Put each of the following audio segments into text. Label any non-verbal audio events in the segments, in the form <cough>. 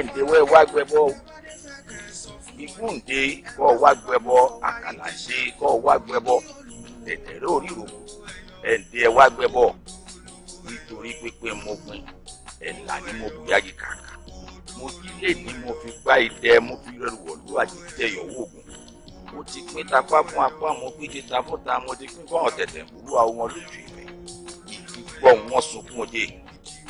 ẹ̀ǹdẹ̀ wẹ́ wá gbẹbọ ìgúǹde kọ́ wá gbẹbọ àkàlàṣe kọ́ wá gbẹbọ tẹ̀tẹ̀rẹ́ oríro ẹ̀ǹdẹ̀ wá gbẹbọ nítorí pípé mo gbìn ẹ̀là ni mo bù yági kàkà mo jílé ni mo fi gbá idẹ mo fi rẹrù wọ̀lú àjíjẹ ìyọ̀wó ògùn mo ti pín tapá fún apá mo pín ti ta fún ta mo ti pín fọ́hàn tẹ̀tẹ̀ burú àwọn ọmọ lójú ìfẹ́ ìgbọ́ wọn sunkún òde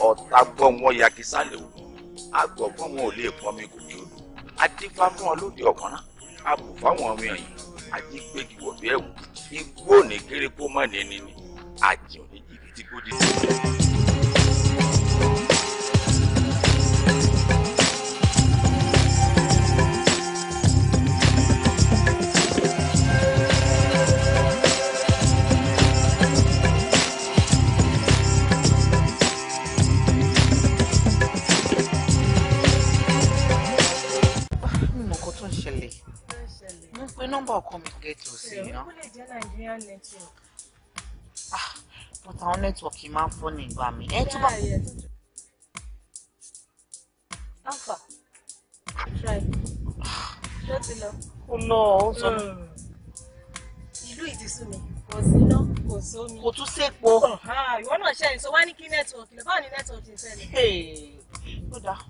ọ̀tá gbọ́ wọn yakisálẹ̀ ògùn agbọ́gbọ́n wọn ò lè pọnmi gòkè odò adífá fún ọ lóde ọ̀kan náà àbùfá wọn mi ọ̀yìn àdígbèkì wọ̀bí ẹ̀wù igbó ní kéré kó mọ̀ ní ẹni ni àjẹun ní jìbìtì kó di sílẹ̀. Number ọkọ to get to sí i ná. Ah, but àwọn nẹ́tíwọ̀kì máa ń fọ́ ní ìgbà mi. ẹ tó bá. alpha try ṣé ó ti lọ. ó lọ You sọ. Hmm. ìlú ìdísùn mi kò sí iná kò sómi. kò tún sépo. Oh, ah, ìwọ náà ṣe èso wá ní kí nẹ́tíwọ̀kì lọ báwo ni nẹ́tíwọ̀kì ń ṣẹlẹ̀. ó dáa.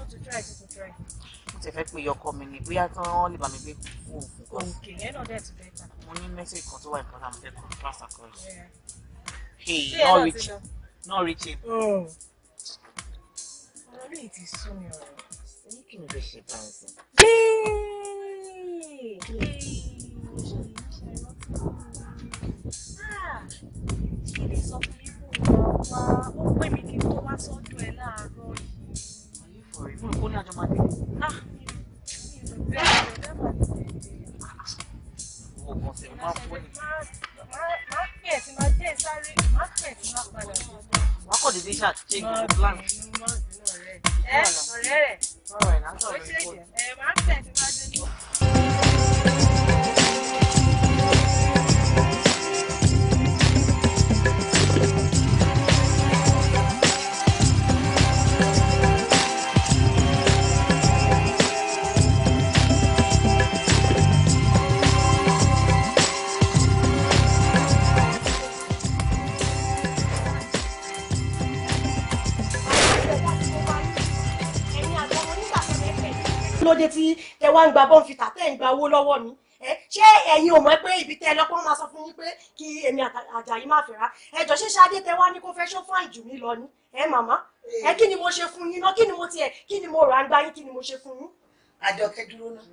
ó tún try ó to try mo ti fẹ́ pé ọkọ mi ni bóyá tí wọ́n lè bá mi gbé kú òfin kan. òkè yẹn náà dẹ̀ ti mo ní mẹ́sẹ̀gì kan tó wà ìpàdé àmì fẹ́ẹ́ kọ́ pass across. hey not reach not reach him. Oh. ọ̀rọ̀ lè ti sún mi ọ̀rọ̀ èyí kì í lè ṣe báyìí. Ah! kí ni sọ fún yín fún ìwà ó pè mí kí n tó wá sọ́dọ̀ ẹ láàárọ̀ yìí ọ̀rẹ́ fún mi kó ní àjọ máa dé. owó kan sẹ́yìn máa fọ́ ni. máa pè é tí máa jẹ́ ìsáré máa pè é tí máa padà sí. wàá kọ̀ dédé ṣàtúnṣe ah. ìgbà plan. ọ̀rẹ́ rẹ̀ ọ̀rẹ́ rẹ̀ ó ṣèjì ẹ̀ dé tí ẹ wá ń gba bọ́ǹfìtà tẹ́ ń gba owó lọ́wọ́ mi ṣé ẹ̀yin ò mọ̀ pé ibi tẹ lọ́pọ̀ máa sọ fún yín pé kí èmi àjàyí má fẹ́ra ẹjọ́ ṣé ṣáde tẹ wá ní kó fẹ́ ṣọ́fún àìjù mi lọ ni ẹ màmá ẹ kí ni mo ṣe fún yín náà kí ni mo tiẹ̀ kí ni mo rà ń gbá yín kí ni mo ṣe fún yín. àjọkẹ́ dúró náà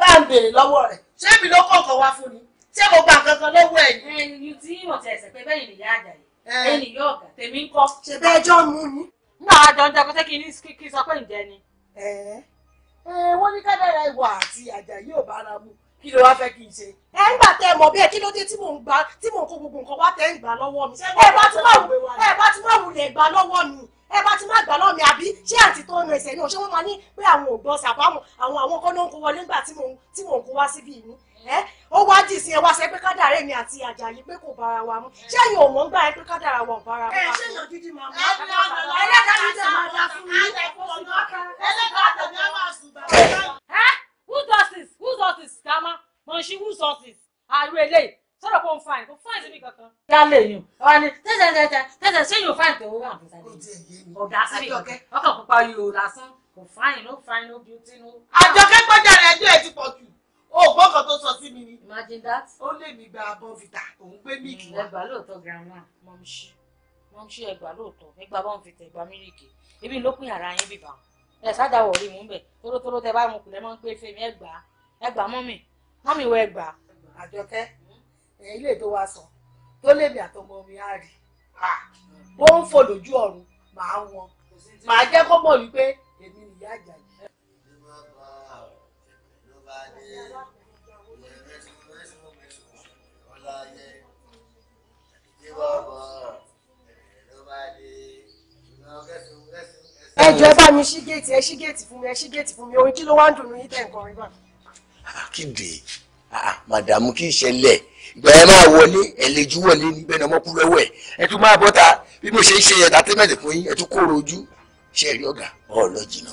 bá ń béèrè lọ́wọ́ rẹ̀ ṣé èmi ló kọ̀ọ̀kan wá fún ni ṣé mo gba nǹkan kan lọ́wọ́ ẹ̀ ni. ẹyin tí ọ̀tẹ̀ ẹ̀sẹ̀ pé bẹ́ẹ̀ nìyá àjàyí ẹyin nìyá Eh, wọ́n ní kádàrá ìwà àti àjàyí ò bára mu kí ló wá fẹ́ kí n ṣe. ẹ ń gbà tẹ ẹ mọ̀ bí ẹ kí ló dé tí mò ń gbà tí mò ń kó gbogbo nǹkan wá tẹ ń gbà lọ́wọ́ mi. ẹ bá ti má ẹ bá ti má wulẹ̀ gbà lọ́wọ́ mi ẹ bá ti má gbà lọ́wọ́ mi àbí ṣé àti tó ń rẹsẹ̀ náà ṣé wọ́n máa ní pé àwọn ò àwọn àwọn kan ló ń kó wọlé nígbà tí mò ń kó wá síbí yìí ẹ ó wá dì sí ẹ wá sẹ pé kádàrá èmi àti àjàyí pé kò bára wa mu ṣé ẹ̀yin ò mọ̀ ń gbà ẹ pé kádàrá wa ò bára wa. ẹ ṣe èèyàn gidi màá mú ẹlẹ́dàá mi tẹ̀ máa dá fún mi ẹlẹ́dàá tẹ̀mí á máa sùn bàbá. ẹ who does this who does this dama mọ̀nsí who does this àrùn eléyìí sọ̀rọ̀ kó n fine kó fine síbi kankan. kí á lè yùn ọ̀rọ̀ ni tẹ́tẹ̀ tẹ́tẹ̀ tẹ́tẹ̀ ṣé yóò fine tó wà nígbà yìí ọ̀dà sí ọkàn pupa yóò lásán kò fine no fine no beauty no. àjọkẹ́ gbọ́dọ̀ rẹ̀ ẹjọ́ ẹ ti pọ̀ jù o gbọ́ kan tó sọ sí mi ni. imagine that. ó lè mi gba bọ́ǹfìtà òun gbé míìkì mm, wá. ẹgbàá lóòótọ́ grandma mọ̀mísí mọ̀mísí ẹgbàá lóòótọ́ ẹgbàá bọ́ǹfìtà ẹgbàá mílíkì ebi ló pín yàrá yín bìbà ẹ sádàwọ̀ rí mú bẹ̀ tórótóró tẹ bá mú kulẹ̀ mọ́ ń pé fèmí ẹgbàá ẹgbàá mọ́mì mọ́mì wọ ẹgbàá. àjọkẹ́ ẹ̀yìn ilé tó wá sàn tó lèmi àtọmọ mi á rí ó ń fò lójú ọ̀run màá wọn màá jẹ́ kó mọ̀ wípé èmi nìyá àjàyí bá dé ìyẹ̀rẹ́ tí mo rẹ́ sí mo fi sùn ìyọ̀ láyé ìdí bọ̀bọ̀ ẹ̀rẹ̀ ló bá dé ìyọ̀ kẹsùn kẹsùn kẹsùn. ẹ jọ̀ọ́ ẹ bá mi ṣí géètì ẹ ṣí géètì fún mi ẹ ṣí géètì fún mi orin kí ló wá ń dùn yín tẹ̀ ń kọrin bá. Ah, kíde ah, ah, màdàmú ìgbà ẹ máa wọlé ẹlẹjú wọlé níbẹ̀ ni ọmọ kú lọ́wọ́ ẹ tún máa bọ́ta bí mo ṣe ń ṣe ẹ̀ta tẹ́mẹ̀tì fún yín ẹ tún kóró ojú ṣe rí ọ̀gá ọ̀ọ́ lọ jìnnà.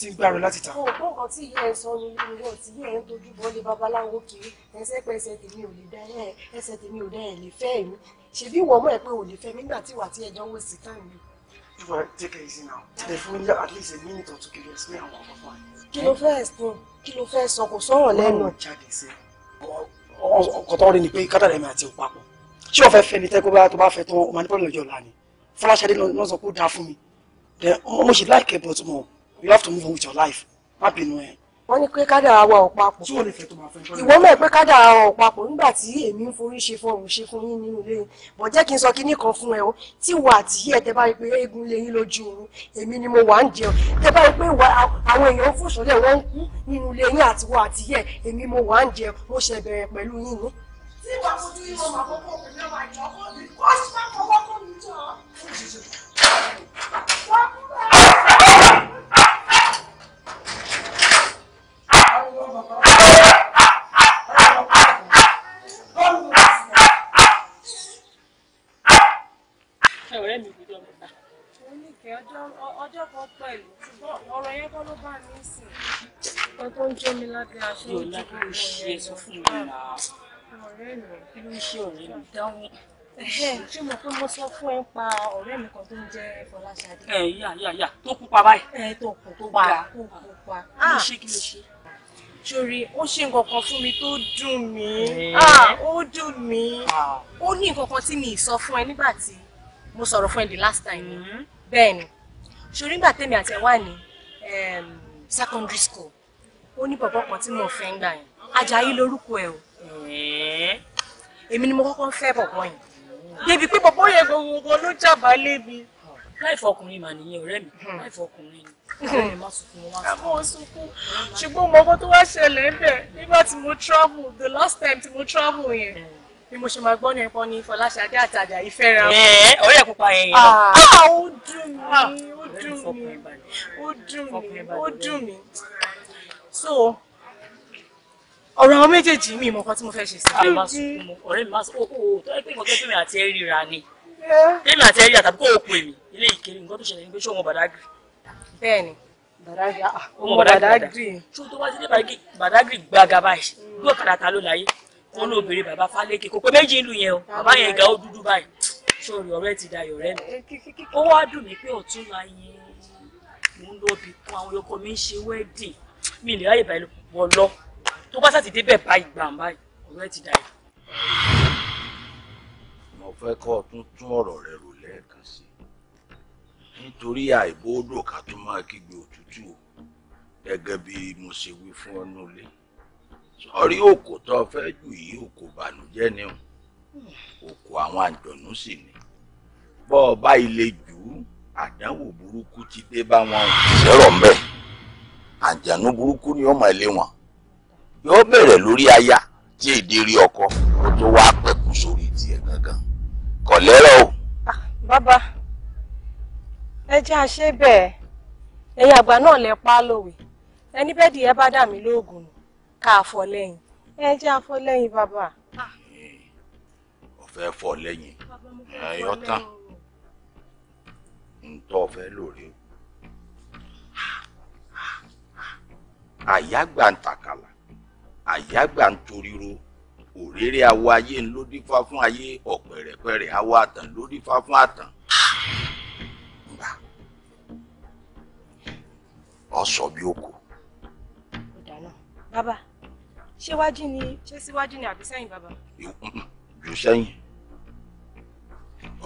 ti ń gbàrọ̀ láti ta. ọ̀pọ̀ nǹkan tí ìyá ẹ sọ ni ìwọ tí ìyá ẹ ń dojú bọ́lé babaláwo kiri ẹsẹ̀ pé ẹsẹ̀ tèmi ò lè dá ẹ ẹsẹ̀ tèmi ò dá ẹ lè fẹ́ mi ṣèbí ìwọ mọ̀ ẹ pé ò lè fẹ́ mi nígbà tí ìwà tí ẹjọ́ wò sí tán mi. ìwà take it easy now tẹlẹ fún mi at least a minute or two kí ló sí àwọn ọmọ fún mi. kí ló fẹ́ sùn kí ló fẹ́ sọ kò sọ̀rọ̀ lẹ́nu. ọkọ̀ tó rí ni pé kátàlẹ́ mi mo ṣe láìkẹ́ bọ́tùmọ̀ you have to move on with your life má bínú ẹ. wọ́n ní pé kádàrá wa ò papọ̀. tí wọ́n lè to tó máa fẹ́ tọ́lẹ̀. ìwọ mọ̀ pé kádàrá wa ò papọ̀ nígbà tí èmi ń forí ṣe fọ́ọ̀mù ṣe fún yín nínú ilé yín bọ̀ jẹ́ kí n sọ kinní kan fún ẹ o tí wà á tìyí ẹ tẹ bá rí pé eégún lé yín lójú oorun èmi ni mo wà ń jẹun tẹ bá rí pé àwọn èèyàn fòṣọlẹ̀ wọ́n ń kú nínú ilé yín àti wà á tìyí ẹ èmi mo wà ń jẹun mo ṣe bẹ̀rẹ̀ pẹ̀lú yín ni. tí wàá fojú yín wọn máa kọ́kọ́ òkè mẹ́wàá ìjọ ọ̀rẹ́ mi kò jọ mẹ́ta. mo ní kẹ́ ọjọ́ kan pẹ̀lú ṣùgbọ́n ọ̀rọ̀ yẹn kọ́ ló bá mi sìn. nǹkan tó ń jó mi lábẹ́ aṣọ ìjọba ọ̀rọ̀ yẹn. ṣe sọ fún mi ah, nà. ọ̀rẹ́ mi kí ló ń ṣe ọ̀rẹ́ mi. dáhùn. ṣé mo pé mo sọ fún ẹ pa ọ̀rẹ́ mi kan tó ń jẹ́ Fọláṣadé. ẹ yà yà yà tó kú pa báyìí. ẹ tó kú tó pa tó kú pa. kí ló ah! ṣe kí ló ṣe sori ó ṣe nǹkan kan fún mi tó dùn mí ah, ó dùn mí ó ní nǹkan kan tí mi ì sọ fún ẹ nígbà tí mo sọ̀rọ̀ fún ẹ the last time mm-hmm. bẹ́ẹ̀ ni ṣorí nígbà tèmi àti ẹ wà ní secondary school ó ní bọ̀bọ̀ kan tí mo fẹ́ ń gbà yẹn Ajayi lórúkọ ẹ o eh. èmi ni mo kọ́kọ́ ń fẹ́ bọ̀bọ̀ yẹn mm-hmm. débi pé bọ̀bọ̀ yẹn gbogbo ló jàbá lébi láìfọ ọkùnrin mà nìyẹn ọ̀rẹ́ mi hmm. láìfọ ọkùnrin ni hmm. ọ̀rẹ́ mi má sunkún wọn wá sunkún. àmọ́ sunkún ṣùgbọ́n mo kọ́ tó wá ṣẹlẹ̀ ń bẹ̀ nígbà tí mo travel the last time tí mo travel yẹn. Hmm bí mo ṣe máa gbọ́ ní ẹ̀kọ́ ní Fọláṣadé àtàjà ìfẹ́ra. ẹ ọ̀rẹ́ ẹ̀ pupa yẹn. Ah, ah! ó dùn mí ó ah! dùn mí ó dùn mí ó dùn mí so ọ̀rọ̀ àwọn méjèèjì mi ìmọ̀ kan tí mo fẹ́ ṣe sí. ọ̀rẹ́ mi máa sọ kókó oh, oh, tó ẹ pé nǹkan tó eh? mi àti ẹ ríra ni èmi àti ẹ àtàbí kó o pè mí ilé ìkéré nǹkan tó ṣẹlẹ̀ ní pé ṣé ọmọ Badagry. bẹ́ẹ̀ni Badagry ọmọ Badagry. ṣé o tó wá sí ilé Badagry gbàgà báyìí gbọ́kàdà ta ló láyé wọn ló béèrè bàbá Fálékè kò pé méjì ìlú yẹn o bàbá yẹn ga ó dúdú báyìí sórí ọ̀rẹ́ ti dayọ̀ rẹ́ mi ó wá dùn mí pé ọ̀tún la yẹn mò ń lọ bí kún àwọn ọkọ mi ń ṣe wẹ́ẹ̀dìn mi lè ráyè báyìí wọ lọ tó bá sàti débẹ̀ báyìí gbàm báyìí ọ̀rẹ́ ti dayọ̀. mo fẹ́ kọ́ ọ tún tún ọ̀rọ̀ rẹ rò lẹ́ẹ̀kan sí i nítorí àìbóódò ká tó máa kígbe òtútù gẹ́gẹ́ bí mo ṣe wí fún ọ nílé sọrí òkò tó o fẹ́ jù yìí òkò bànújẹ́ ni o òkò àwọn àjọ̀nú sì ni bọ́ ọ bá ilé jù ú àdánwò burúkú ti dé bá wọn sọ̀rọ̀ mbẹ́ àjànú burúkú ni ó máa lé wọn yóò bẹ̀rẹ̀ lórí aya tí èdè rí ọkọ kó tó wá pẹ̀kú sórí tiẹ̀ gangan kọ̀ lẹ́rọ̀ o. Ah, bàbá ẹ jẹ́ àṣẹ bẹ́ẹ̀ ẹ̀yin àgbà náà lè pa á lòwe ẹni bẹ́ẹ̀ dìé bá dà mí lóògùn ka afọ lẹ́yìn. ẹ jẹ́ àfọ lẹ́yìn bàbá. ọ̀fẹ́ fọ lẹ́yìn ẹ̀yọ́ tán ń tọ́ ọ̀fẹ́ lórí o. àyágbà ń tàkàlà àyágbà ń toríro òréré awọ ayé ń ló dífá fún ayé ọ̀pẹ̀rẹ̀pẹ̀rẹ̀ awọ àtàn ló dífá fún àtàn. ọ̀sọ̀ bí ó kù. bàbá ṣéwájú ni ṣé síwájú ni àbí sẹ́yìn bàbá. jù sẹ́yìn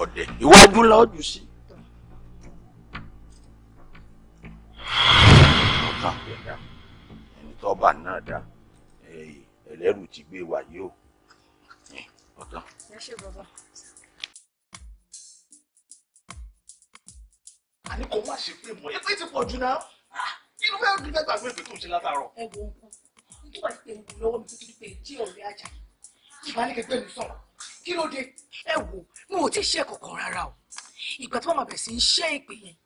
ọ̀dẹ̀ iwájú la ó jù sí. ọ̀gá ẹ̀dá ẹni tọ́ba náà dá ẹlẹ́rù ti gbé wa o. ọ̀gá. ẹ ṣe bàbá. àní kò má ṣe pé mọ̀ ẹ́ pé ti pọ̀ jù náà ah, kí ló fẹ́ẹ́ gbàgbé ìpè tó ń ṣe látàárọ̀. ẹ gbọ́n kú tó bá ti pè mí lọ́wọ́ mi títí pé jí ọ̀rẹ́ àjà ìbálẹ kẹgbẹ mi sọ̀rọ̀ kí ló dé ẹ wò mo ò tí ì o ìgbà tó máa bẹ̀ sí í ṣe ìpè yẹn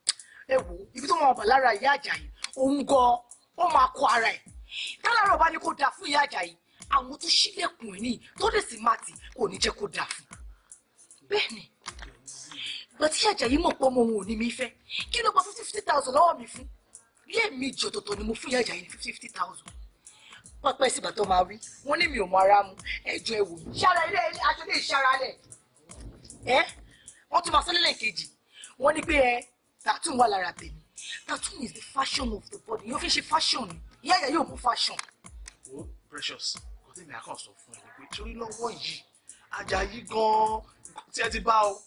ẹ wò ibi tó máa bà lára ìyá àjà yìí òun gan ó máa kọ ara ẹ̀ tálárọ̀ bá ní kó dáa fún ìyá àjà yìí àwọn tó ṣílẹ̀kùn ẹ̀ nìyí tó dẹ̀ sí máa kò ní jẹ́ kó dáa fún bẹ́ẹ̀ ni ìgbà tí ìyá àjà yìí mọ̀ pé ọmọ òun ò ní mi fẹ́ kí ló gba fifty thousand lọ́wọ́ mi fún lẹ́ẹ̀mejì ọ̀tọ̀ọ̀tọ̀ ni mo fún ìyá àjà yìí fifty thousand pọ́pẹ́ sígbà tó máa wí wọ́n ní mi ò mọ ara mu ẹ̀jọ̀ ẹ̀wò ṣára ilé aṣọ ilé ìṣára lẹ̀ ẹ́ wọ́n tún máa sọ lẹ́lẹ̀ kejì wọ́n ní pé ẹ tattoo wà lára tèmi tattoo is the fashion of the body yóò fi ṣe fashion ni ìyá ìyá yóò mú fashion. o precious kò tí mi àkàn sọ fún ẹ pé torí lọ́wọ́ yìí ajayi gan-an tí ẹ ti bá o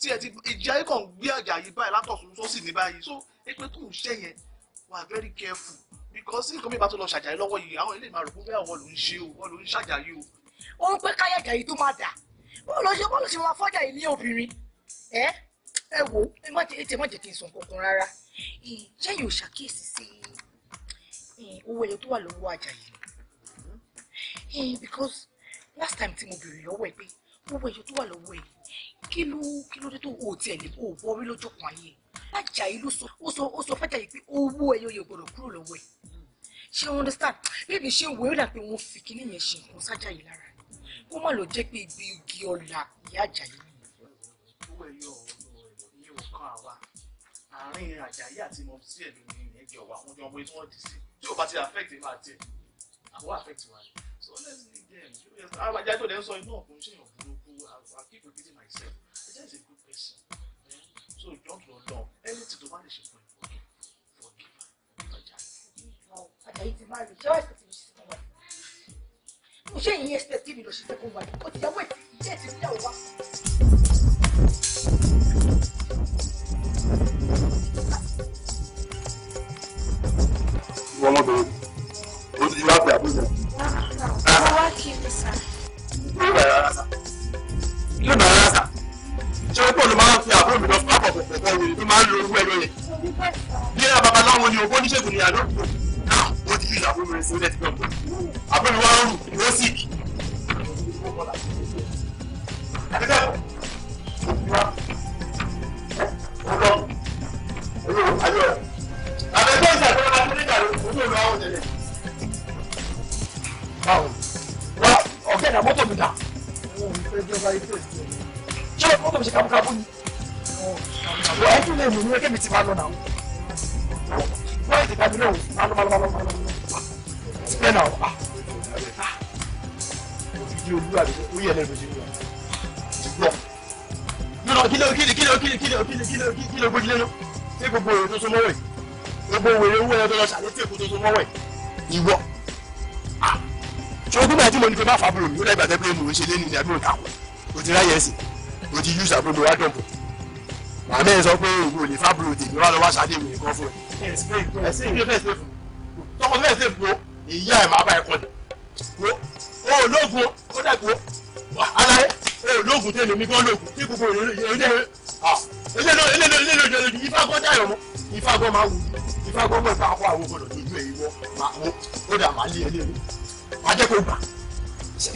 tí ẹ ti ìjayé kan gbé ajayi báyìí látọ̀sùn sósì ní báyìí so ẹ pé tó ń ṣẹ́yẹn wà very careful because nǹkan mi bá tó lọ ṣàjàyí lọ́wọ́ yìí àwọn ilé ìmàrún bóyá wọn ló ń ṣe o wọn ló ń ṣàjàyí o. ó ń pẹ́ káyàjà yìí tó máa dà bọ́ọ̀ lọ ṣe bọ́ọ̀lù sí wọn afọ́jà ilé obìnrin ẹ ẹ wò ẹ má tètè má tètè sùn kankan rárá ṣé yóò ṣàkíyèsí sí owó ẹyọ tó wà lọ́wọ́ àjàyí because last time tí mo bèrè lọ́wọ́ ẹ pé owó ẹyọ tó wà lọ́wọ́ ẹ kí ló kí ló dé tó o tiẹ̀ lè kó o bọ́ orí lójú kan ayé Ajayi ló sọ ó sọ ó sọ f'Ajayi pé owó ẹyọ yóò gbọ́dọ̀ kúrò lọ́wọ́ ẹ ṣé o understand bébí ṣé wòó dà pé wọ́n fi kíní yẹn ṣe nǹkan s'Ajayi lára kó má lọ jẹ́ pé ibi igi ọlà ìyá Ajayi. owó ẹyọ ìyẹn ò kan àwa àárín Ajayi àti mọ sí ẹ̀dùn ní ẹjọ́ wa wọ́n jọ ọmọ tí wọ́n dì sí tí ò bá ti affect ìmọ̀ àti ẹ̀ àwọn affect wa ni so let's leave them àwọn Ajayi tó dẹ́ sọ inú ọ̀gbun ṣèyàn burúkú I keep repeating myself Ajayi is a good person so don't lọ long anything tó bá lè ṣe fún ẹ forgive forgive ọjà. àjàyí ti máa rí ṣé wàá ṣètìlú ṣe fún wa mo ṣe ìyẹn ṣe tìlú lọ ṣe fún wa ó ti yàwó ètí ìyẹn ti fi dáwọ wá. ọmọbìnrin ó ti yá pé àbúrò. mo wá kí n sá. yóò bẹ̀rẹ̀ rárá sá. yóò bẹ̀rẹ̀ kọ̀kọ̀ kọ̀kọ̀ ló máa ń lo owó ẹ̀rọ yẹn. nílẹ̀ babaláwo ni ògbó oníṣègùn ni àná náà wọ́n ti fi ìlà fún mi sí ilẹ̀ tìgbà àbúrò wa rù ó sì kì. Ọ̀gá ìdààmú mi dà. Ṣé o mọ́tò mi ṣe kábùkábù ni? wọ́n ẹ̀dùn lè mú ní ẹgbẹ́ mi ti máa lọ náà wọ́n ẹ̀dùn tàbí náà máa lọ máa lọ máa lọ máa lọ ti pẹ́ náà wà. òfìdí olúwa mi ó yẹ lẹ́nu sí wa. nínú kílẹ̀ kílẹ̀ kílẹ̀ kílẹ̀ kílẹ̀ kílẹ̀ kílẹ̀ kílẹ̀ gbójúlé lọ ṣé gbogbo èrè tó so mọ́wẹ̀ gbogbo èrè owó ẹ̀rọ tó lọ ṣàlẹ́ tí èkó tó so mọ́wẹ̀ ìwọ. ṣé ogún bàtí mo ní fi má fàbùrù mi ó dàgbà tẹ́ pé mo ń ṣe lé ní ìdádúró takò òtí ráyẹ̀sì òtí yúùsà gbogbo wa dọ̀bọ̀ màmá ẹ sọ pé èyí ò lè fábùrò tèmi wà lọ wá ṣáde mi nìkan fún ẹ. ẹsìn ìdílé fẹsẹ fún tọkọ fẹsẹ fún ìyá ẹ máa bá ẹ kọ ni. o ò lóògùn ó dàgbò aláyé o ò lóògùn tẹ̀lé mi kọ́ lóògùn tí kòkòrò ilé ilé ilé ilé ilé ifá gan dayọ̀ mọ́ ifá gan máa wù ifá gan mọ̀ ifá kọ́ àwọn gbọdọ̀ ní ìlú ẹ̀yìn wọ́n máa wọ́n ó dà máa lé ẹlẹ́rìí má jẹ́ kó gbà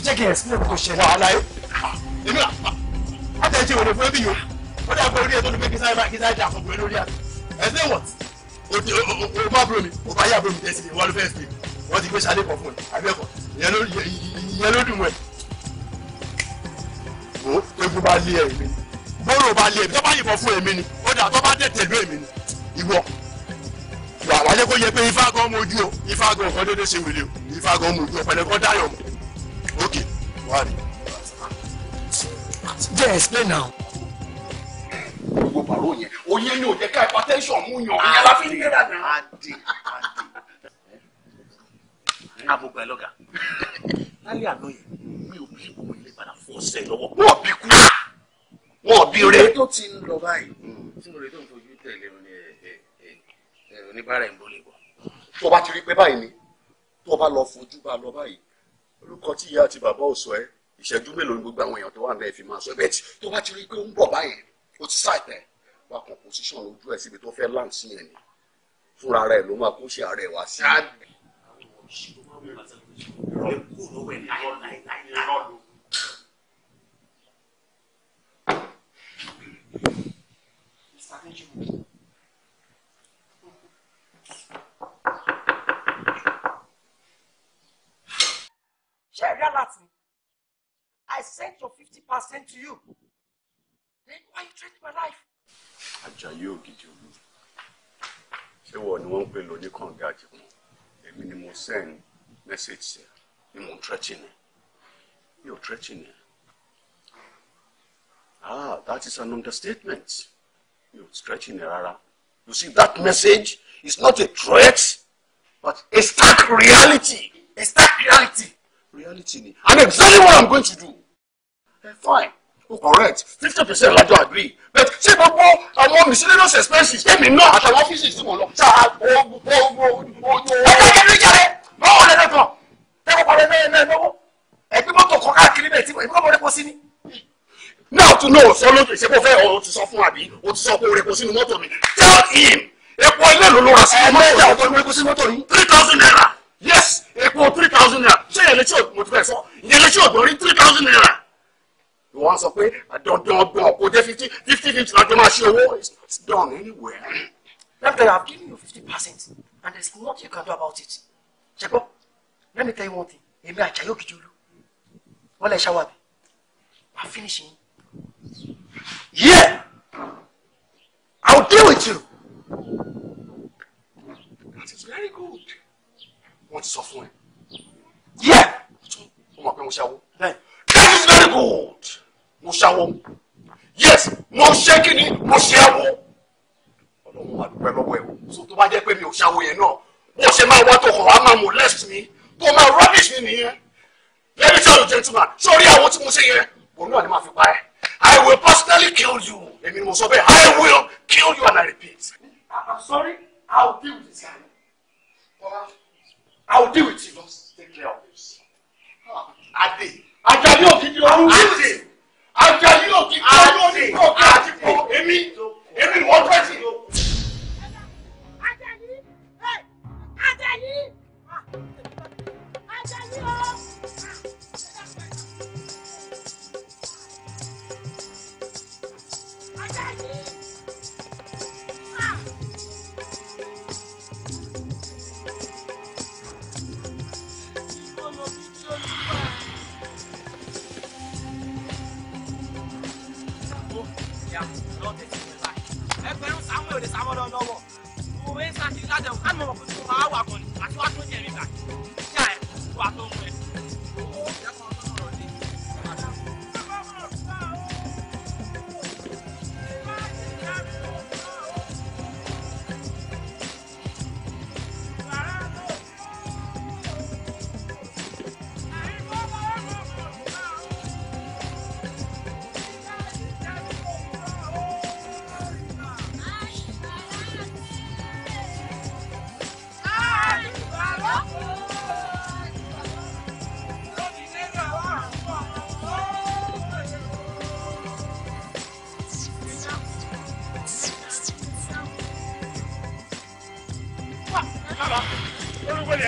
jẹ́ kí ẹ̀sìn ẹ̀kọ́ ṣẹlẹ̀ aláyé èmi àtẹ̀jẹ́ òde fún ẹbí yòó ó dà pé orí ẹ̀ tó ní pé kí sáré dà fún mi lórí àná ẹ̀sìn wọ̀n o bá bro mi o bá yà bro mi tẹ̀sí wọ́n ló fẹ́ fi wọ́n ti gbé sálẹ̀ pọ̀ fún ẹ abẹ́kọ̀ ìyẹn ló dùn mọ́ ẹ̀ o egun bá lé ẹ̀mí ni bóró bá lé ẹ̀mí tó bá yìnbọn fún ẹ̀mí ni ó dà tó bá dẹ̀ tẹ̀lú ẹ̀mí ni ìwọ wà wáyé kó yẹ pé ifá gan mojú o ifá gan ọ̀kan dédé ṣe wèlé o ifá gan mojú o pẹ̀lẹ́ kan dáyọ̀ mọ́ ok wà á rí. jẹ́ explain now gbogbo bàrò yẹn òye ni ò jẹ́ ká hypertension mú yàn òye la fi ń gbéra náà. adi adi abúgbò ẹ lọ́gà lálẹ́ àná yẹn mi ò bí kú ilé padà fọ́ sẹ́ lọ́wọ́ wọ́n bí kú wọ́n bí rẹ. tó ti ń lọ báyìí tí mo rè tó ń fojú tẹ̀lé eh, eh, eh, oníbàárà ẹ̀ ń bọ́lẹ̀ wọ̀. tó o bá ti rí pé báyìí ni tó o bá lọ fojú bá lọ báyìí orúkọ tí ìyá àti bàbá ò sọ ẹ́ ìṣẹ́jú mélòó ni gbogbo àwọn èèyàn tó wà nílẹ̀ fi máa sọ bẹ́ẹ̀ tí tó bá ti rí pé ó ń bọ̀ báyìí ó ti ṣàìpẹ́ wà kàn position ojú ẹ̀ síbi tó fẹ́ land sí yẹn ni fúnra rẹ̀ ló máa kó ṣe ààrẹ wá sí. Ṣé ẹ rí aláàtì? I sent your fifty percent to you. Then why you threatening my life? Àjàyí Ògìdìolú. Ṣé wọ ni wọ́n ń pè lóní kànga àjẹkùn? Èmi ni mo send message sí ni mo threaten ẹ̀. Mi threaten ẹ̀. Ah, that is an understatement. Mi ò threaten ẹ̀ rárá. You see, that message is not a threat but a stark reality. A stark reality. Reality ni. And exactly what I'm going to do. Eh, fine o correct fifty percent lájọ agree but ṣé gbogbo àwọn miscellaneous expenses èmi náà àtàwọn ọ́fíìsì tí mo lọ ṣá gbogbo gbogbo. ọjọ́ ìjẹ́rú ìjẹ́rẹ́ báwo lẹ́nu kan tẹ́kọ̀ pàdé náà náà lọ́wọ́ ẹ̀gbẹ́ mọ́tò kọ́ káàkiri bẹ́ẹ̀ tí ìbí kọ́mọdé kọ́ sí ni. now to know sọ lójú ìṣẹ́kọ̀ fẹ́ o ti sọ fún àbí o ti sọ pé o rẹ̀ kó sínú mọ́tò mi tell him epo ilé ló ló ra sínú mọ́tò ẹ̀ẹ́dà ọ̀gbọ́n ló kó sínú mọ́tò yìí three thousand naira yes epo three thousand naira ṣé ìyẹn lè ṣe ògbọ́n rí three thousand naira ìwọ wá sọ pé dandandan kò dé fifty fifty fifty lọ́jọ́ máa ṣe owó it's done anywhere. let me i have given you fifty percent and there is nothing you can do about it. ṣẹ́gbọ́ let me tell you one thing èmi àjàyè òkìjì olú wọ́n lè ṣáwá mi wàá finish yín. yeah i will deal with you. that is very good. wọ́n ti sọ fún ẹ. yeah. ó mọ̀ pé mo ṣàwó very good mo ṣàwọ yes mo ṣe kíni mo ṣe àwọ ọlọ́run wà dúpẹ́ lọ́wọ́ ẹ̀ o so tó bá jẹ́ pé mi ò ṣàwọ yẹn náà bó ṣe máa wá tó kọ̀ọ̀ á máa molest mi tó máa rubbish mi nìyẹn let me tell you gentleman sórí àwọn tí mo ṣe yẹn òun náà ni màá fi pa ẹ́ i will personally kill you èmi ni mo sọ bẹ́ẹ̀ i will kill you and i repeat. i'm sorry I'll deal with this guy I'll deal with you just take care of this. Ade. Àjàyí Òkìkí ọdún wíìsì Àjàyí Òkìkí ọdún onígbò kí àti pọ̀ èmi èmi ni wọ́n tẹ́sí. Àjàyí Àjàyí ah, Àjàyí o. Oh.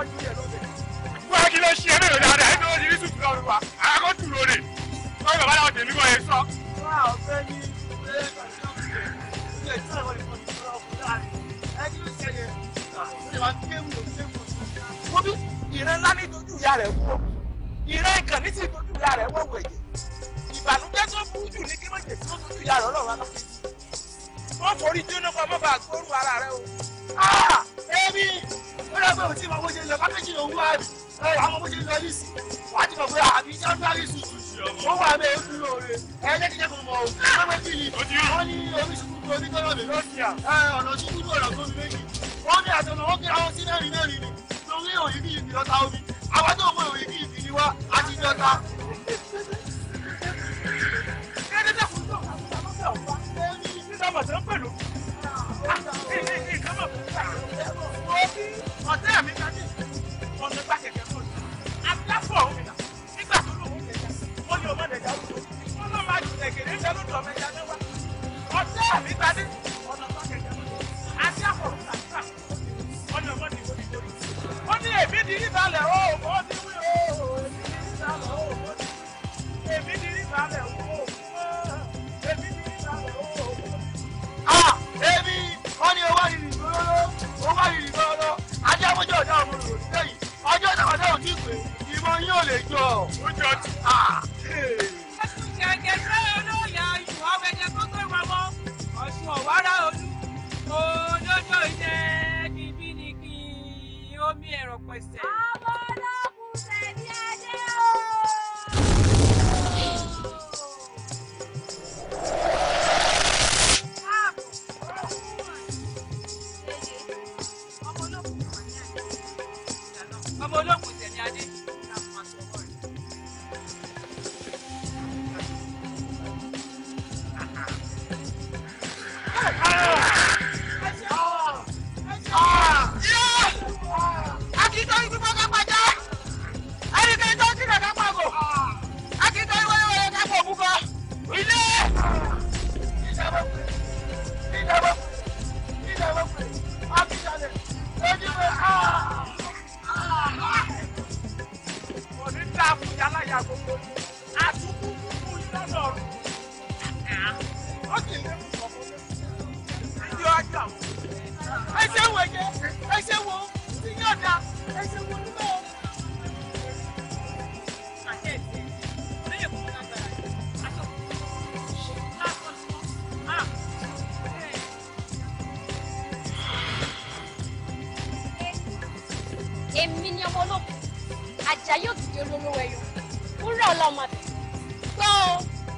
wọ́n ṣe é dáadáa ẹni tó ti rí sùkú lọ́rùn wa àkókò dúró rè wọ́n bàbá náà tèmi kọ́ ẹ sọ. wọ́n á ńlá ní dojú ìyá rẹ̀ wọ́ ìrẹ́ ìkànnì sí dojú ìyá rẹ̀ wọ́ wẹ̀yẹ̀ ìbànújẹ́ tó burú jù ní kí wọ́n jẹ̀ tí wọ́n dojú ìyá rẹ̀ ọlọ́run aláfẹ́ wọ́n forí jóná kọ́ mọ́ bá ara rẹ̀ o ẹbí ó dàgbé òtí ìmọ̀ bó ṣe lọ pákéjì lòún wá ẹ àwọn bó lọ yìí sí wàá ti mọ̀ pé àbí january sùsù ó wà bẹ́ẹ̀ ó dúró rẹ̀ ẹ jẹ́ kí mọ̀ ọ́ ní oríṣi gbogbo onígbọ́nà mi lọ́sìn ọ̀nà tí kúrò ọ̀nà tó méjì wọ́n ní àtọ̀nà wọ́n kí àwọn sí mẹ́rin mẹ́rin ni torí òyìnbí yìí ni wá ọ̀tẹ́ mi ká ní ọ̀nà gbà kẹ̀kẹ́ fún mi àbíláfọ̀ ọ̀hún mi nà nígbà tó lóun kẹ̀kẹ́ ó ní ọmọ ẹ̀dẹ̀jà ó tó lọ́ máa jù ẹ̀gẹ̀dẹ̀ ṣẹ́ ló dọ̀ mẹ́ta lẹ́wà ọ̀tẹ́ mi ká ní ọ̀nà gbà kẹ̀kẹ́ fún mi àti àfọ̀rọ̀ kàkà ọ̀nà ọmọ nìbó nìbó ni ó ní èmi di ìbàlẹ̀ ó ó ní wí ó èmi di ìbàlẹ̀ ó èmi di ìbàlẹ̀ ó ó wá yìí lọ́rọ́ ajẹ́mújọ́ ọ̀dọ́ àwọn olùdílé yìí ọjọ́ ìdàgbà náà ò ní pé ìbọn yín ò lè jọ ó jọ ti. ẹ̀jẹ̀ ṣẹ́ olóòyà ìṣù ọ̀gbẹ̀dẹ̀ tó tó ìwọ̀mọ́ ọ̀ṣun ọ̀wárá olú òdòdó ìṣẹ́ kìbìnìkì omi ẹ̀rọ pẹ̀sẹ̀. àwọn èmi ni ọmọ olókùn Àjàyí Òkìkí olówó ẹyọ wúrà ọlọmọ àbẹ gbọ́ ọ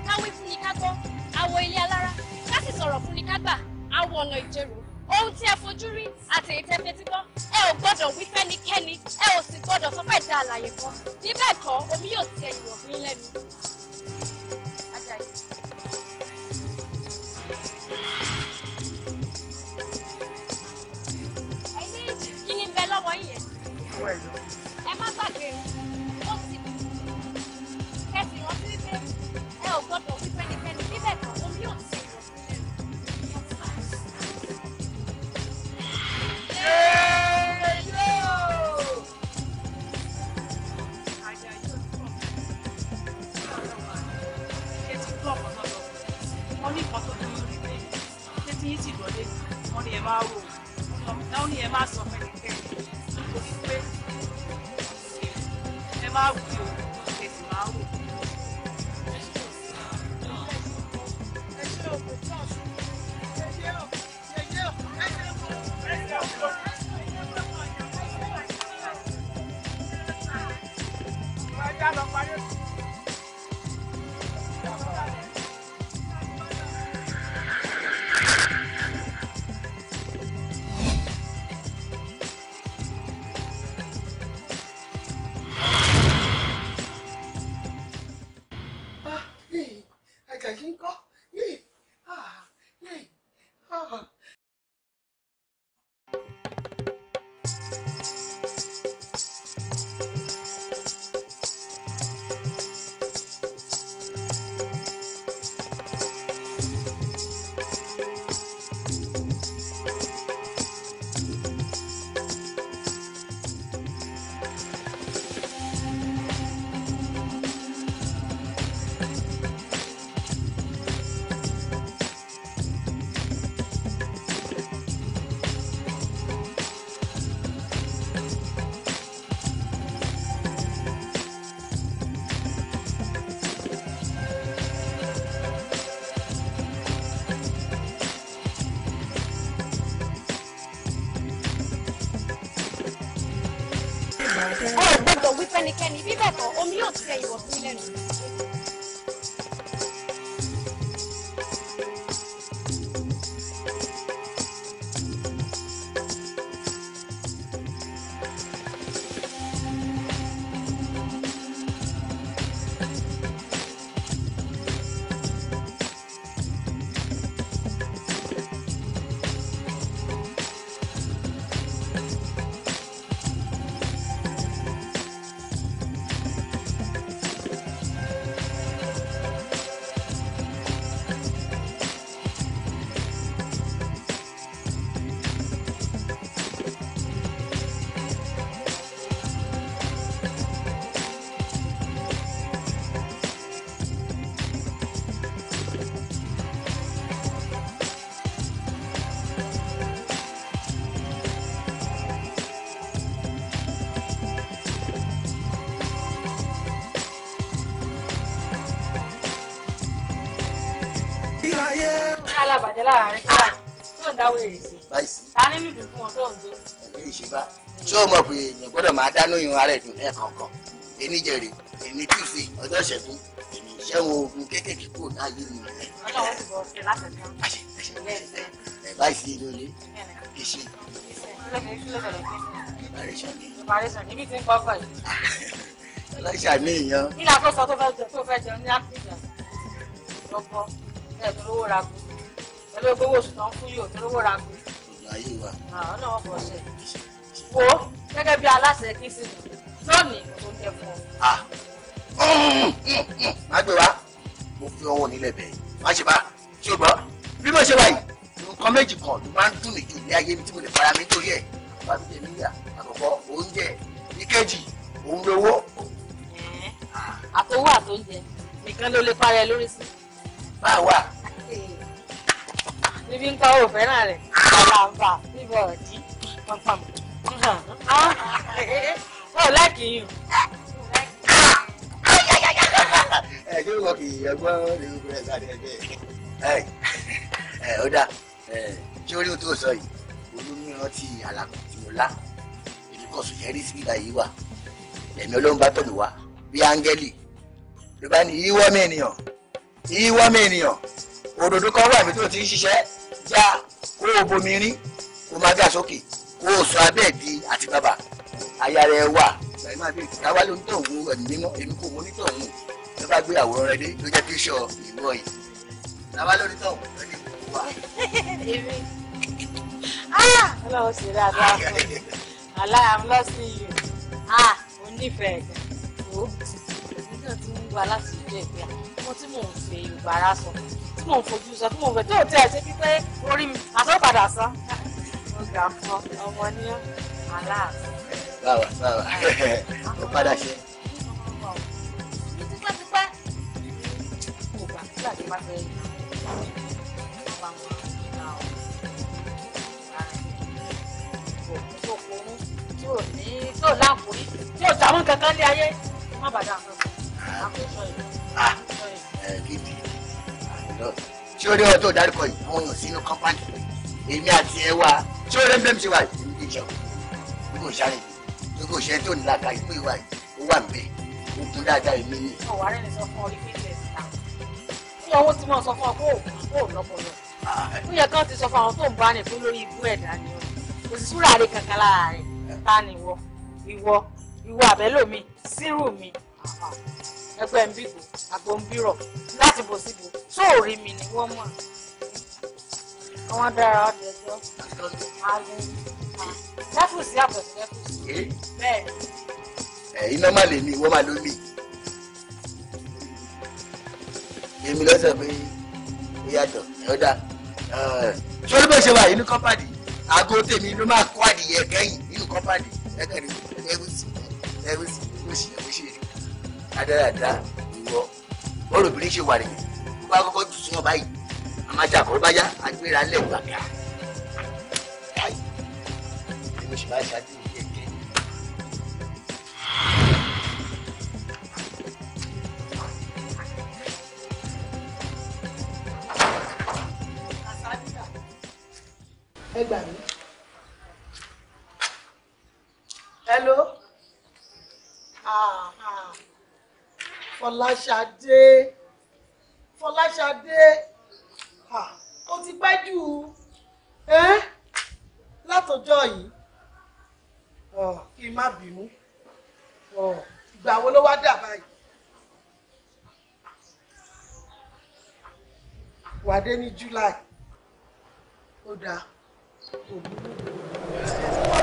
káwé fún ni ká gbọ́ àwọ ilé alára ká sì sọ̀rọ̀ fún ni ká gbà àwọ ọ̀nà ìjẹrò ohun tí ẹ fojú rí àti èyí tẹ́ fetí gbọ́ ẹ ò gbọ́dọ̀ wí fẹ́nikẹ́ni ẹ ò sì gbọ́dọ̀ sọ dá àlàyé kan bí bẹ́ẹ̀ omi yóò ti ẹ̀yìn wọ̀ fún wèrè sí. ta ní nùdù fún ọdọ òjò. ẹgbẹ́ ìṣèbá tí ó mọ̀ pé èèyàn gbọ́dọ̀ máa dáná ìhun ara ẹ̀dùn lẹ́ẹ̀kọ̀ọ̀kan èmi jèrè èmi tuesday ọjọ́ ìṣẹ́gun èmi ìṣẹ́wọ̀n ogun kéékèèké kúrò láàyè mi. ọlọ́run ti bọ̀ ọ́ ṣe látẹ̀jọ́. ọlọ́ṣà ní ìyan. nílà tó sọ tó fẹ́ jẹun ní áfíríkà lọ́gbọ́n ẹ̀ẹ́dùn lówó ra gbogbo ẹbí gbogbo oṣù tó ń fún yóò tó wọ́ra kù. ayé wa. àwọn náà wọ́n fọ ọṣẹ. wo gẹ́gẹ́ bí aláṣẹ kí sí mi lónìí mo tún tẹ fún ọ. Ah. Mm, mm, mm, má gbé wa mo fi ọwọ́ nílẹ̀ bẹ́ẹ̀ má ṣe bá o gbọ́ bí mo ṣe wáyé nǹkan méjì kan ló máa ń dùn níjù ní ayé mi tí mo lè fara mi torí ẹ̀ bá mi jẹ mí yà níbi ń kọ́ ò fẹ́ràn rẹ̀ àlàǹfà níbi ọ̀dí pọ̀npọ̀n. ọ̀ láìkì yìí. ẹ kí ló kì í ẹgbọ́n ní ìgbẹ́ ìgbàdí ẹgbẹ́ ẹ ẹ ó dà ṣé ó ní o tó sọ yìí olómìnira ti àlàkù tí mo lá èmi kan sùn yẹn rí síbi ìgbà yìí wà ẹ̀mí ọlọ́run bá tọ̀ mí wá já kó o bomi rí kó o máa já sókè kó o sọ abẹ́ di àti bàbà aya rẹ wà láì máa bèrè táwa ló ń tọ̀ òun ẹ̀mí mímọ́ èmi kò mú ní tọ̀ òun ló bá gbé àwòrán rẹ dé ló jẹ́ kí sọ ìbọn yìí táwa ló ní tọ̀ òun ló ní wà. <laughs> Ah! ọlọ́run sì rà bá fún ń lọ sí iyò ó nífẹ̀ẹ́ gan ó náà ti ń wá láti ìjọ ìgbà wọn tí mò ń fi ìgbàrá sọ tí mò ń fojú sọ tí mò ń fẹ́ tí ò tẹ́ ẹ ṣe bí orí mi àtọ́ padà sọ. mo gbà fọ ọmọ ní aláàbò. báwa báwa ó padà ṣe. tipẹ́tipẹ́ kò gbà kí àdé má fẹ́ tí ò ní kankan lé ayé má bàa dà fún mi ṣé o rí ọ tó dárúkọ yìí àwọn èèyàn sínú kọ́mpáàdì èmi àti ẹ wá ṣé o rí bẹ́ẹ̀ ṣe wà yìí ní ìjẹun bí mo ṣáré bí mo ṣe tó nílá ka ìpín ìwà yìí ó wà nbẹ ó kún dáadáa èmi ni. ọ̀wá rẹ̀ lè sọ fún ọ rí pé ilẹ̀ ta ní ọwọ́ tí mo sọ fún ọ pé òkú kó lọ́pọ̀lọ́ ah. ó yẹ kán ti sọ fún o kò sí súrà rẹ kankan lára rẹ ta ni ìwọ ìwọ ìwọ àbẹ́lòmí sírù mi ẹgbẹ́ ń bìgò àgbo ń bírọ̀ láti bò síbi tó ò rí mi ni wọ́n mọ̀ àwọn dára ọdẹ ẹjọ́ lẹ́fùsì àbọ̀ sí lẹ́fùsì bẹ́ẹ̀ ni. iná má lè mi ìwọ má ló mi èmi lọ́sẹ̀ pé ó yàtọ̀ ó dà sórí bó ṣe wà yìí ní kọ́pàdì aago tèmi ló máa kọ́ adìyẹ kẹ́yìn nínú kọ́pàdì ẹ̀kẹ́rì ẹ̀wùsì ẹ̀wùsì ó ṣe é ó ṣe é adáradá ìwọ bọ́ọ̀lù obìnrin ṣe wà nìyẹn tó bá kọ́kọ́ tù síyàn báyìí a máa jàkọ́ bá yá a gbéra lẹ̀ gbàgbà. èmi ẹ gbà mí. hello. Ah. Fọláṣadé Fọláṣadé ó ti pẹ́ jù látọjọ́ yìí kí n má bínú ìgbà wo ló wá dà báyìí. wàdé ní July ó dáa kò burú.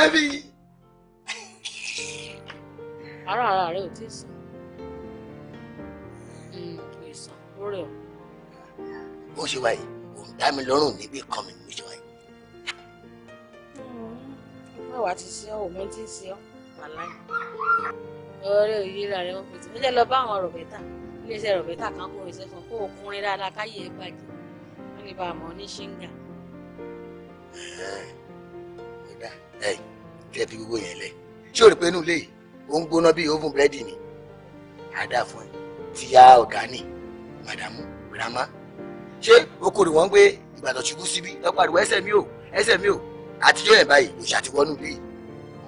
ànábì. ara ara rẹ ò tí ì sàn kò ì sàn ó rẹ o. ó ṣe wáyé ò dá mi lọ́rùn níbi kan mi níbi ìṣòwò yìí. ọmọ mm, ìwà ti ṣe ọ òun ti ṣe ọ màláyé ọ̀rẹ́ òye ra rẹ wọn pè tí mo lọ bá àwọn rọbẹta iléeṣẹ́ rọbẹta kan kó iṣẹ́ fún kó òkúnrin dáadáa káyé ẹ bàjẹ́ wọn lè ba àmọ ní ṣíńgà. ẹ ẹ tẹ́ fi gbogbo yẹn lẹ̀ ṣé o rò pé inú ilé yìí ó ń gbóná bíi oven búrẹ́dì ni àdá fún ẹ ti ya ọ̀gá ni màdàmú girama ṣé okòrò wọn gbé ìbàdàn ṣubú síbí ẹ pariwo ẹsẹ̀ mi ò ẹsẹ̀ mi ò àtijọ́ yẹn báyìí òṣà ti wọnú ilé yìí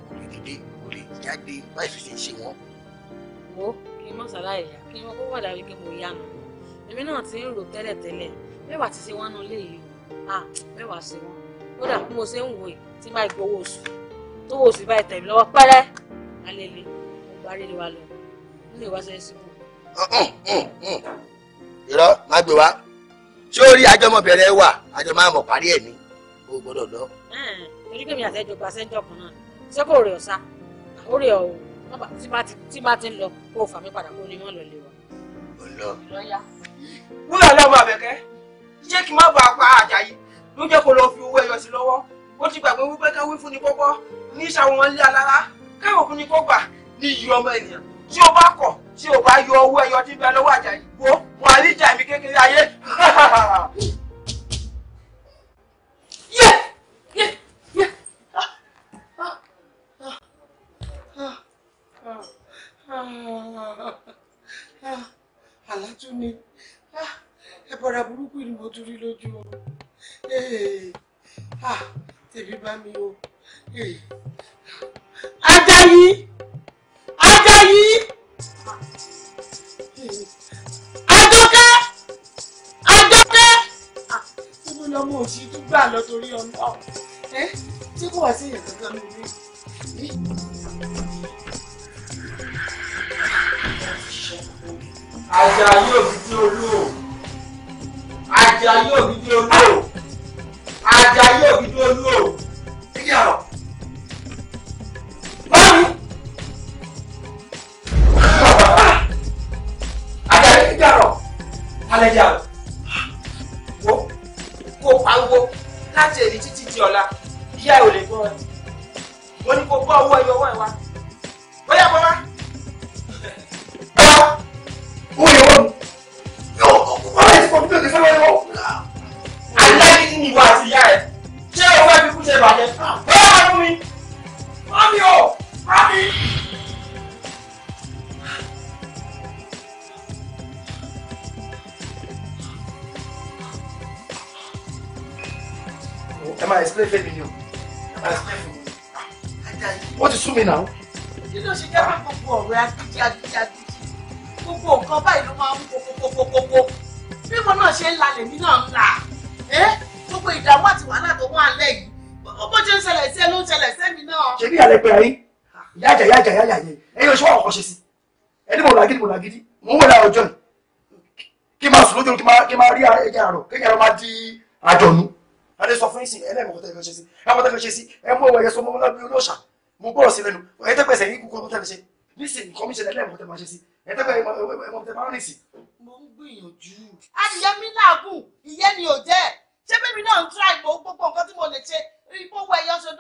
kò lè dédé kò lè jáde báyìí fi ṣe wọn. wo kí n mọ sàlàyé yá kí n mọ kó wà lárí pé mo yá nu èmi náà ti ń rò tẹ́lẹ̀tẹ́lẹ̀ mẹ́wàá ti ṣe wọ́n nu ilé yìí o mẹ́wàá ṣe wọ́n kódà bí mo ṣe ń wò yìí tí máa gbowó oṣù tó wò sí báyìí tẹ̀mí lọ́wọ́ pẹ́rẹ́ alẹ́lẹ́ ọgbàrí ni wà lọ nílé wa ṣe é síbò. irọ́ má gbé wa ṣé orí àjọmọ̀bẹ̀rẹ̀ wà àjọ máa mọ̀ parí ẹ̀ ní o gbọ́dọ̀ lọ. torí kèmí àtẹ́jọ gba sẹ́ńjọ kan náà ṣé kò rẹ̀ ọ̀sá ó rẹ̀ ọ̀ tí bá ti ń lọ kó o fà mí padà kó o ní mọ́ lọ lé wa. ọlọ wúlò ọlọ́mọ àbẹ̀kẹ́ jẹ́ kí n má bàa pa àjà yìí ló jẹ́ kó lọ fi owó ẹyọ sí lọ́wọ́ ó ti gbàgbé wípé káwé fún ni kọ́kọ́ ní ìṣàwọn ilé alára káwé fún ni kó gbà ní iyì ọmọ ènìyàn tí o bá kọ̀ tí o bá yọ owó ẹyọ tí ń bẹ lọ́wọ́ àjà ìgbó mo àrí ìjà mi kékeré ayé. àlájú ni ah, ẹ bọra burúkú ni mo tún rí lójú o. Eh, ah, tèmi bá mi o. Ajayi Ajayi Adókè Adókè tí mo lọ mọ òṣì tó gbà lọ torí ọmọ ẹ tí kò wá sí èèyàn kankan lórí. Ajayi òbí tí olú o Ajayi òbí tí olú o. Àjàyí Òbídólú o. explain fẹ́ mi ni o ó ti sún mi náà. kí ló ṣe jẹ́ pé gbogbo ọ̀rẹ́ agídí agídí agídí gbogbo nǹkan báyìí ló máa ń kókókókókó bí mo náà ṣe ń la lèmi náà ń la gbogbo ìdààmú àti wàhálà tó wà lẹ́ yìí bó ṣe ń ṣẹlẹ̀ sí ẹ ló ń ṣẹlẹ̀ sẹ́mi náà. ṣe bí àlẹ́ pé ayé yájà yájà yájà yẹn ẹ̀yin oṣù wà ọkọ̀ ṣe sí ẹni mo làgídí mo làgídí mo ń wẹ̀lẹ̀ ọjọ́ yìí kí n máa sùn lójú kí n máa rí ẹja àrọ̀ kéèyàn máa di àjọ̀nú adé sọ fún yín sí ẹlẹ́mọ̀ kọ́tà ìfẹ́ ṣe sí ẹmọ tẹ́fẹ́ ṣe sí ẹmọ ìwẹ̀ yẹsọ mọ́mọ́lá bí olóòṣà mo gbọ́rọ̀ sí lẹ́nu ẹ̀ẹ́dẹ́gbẹ̀sẹ̀ yín kúkú ọmọ tẹ́fẹ́ ṣe nísìnyí nǹkan mi ṣẹlẹ̀ ẹlẹ́mọ̀ tẹ́fẹ́ máa ṣe sí ẹ̀ẹ́dẹ́gbẹ̀ ẹmọ tẹ́fẹ́ máa rìn sí. mo ń gbìyànjú. adìyẹ mi náà gùn ìyẹn ni ò jẹ́ ṣé bébí náà ń tíra ìmọ̀ gbogbo nǹkan tí mo lè ṣe ipò wẹ̀ yọ ṣe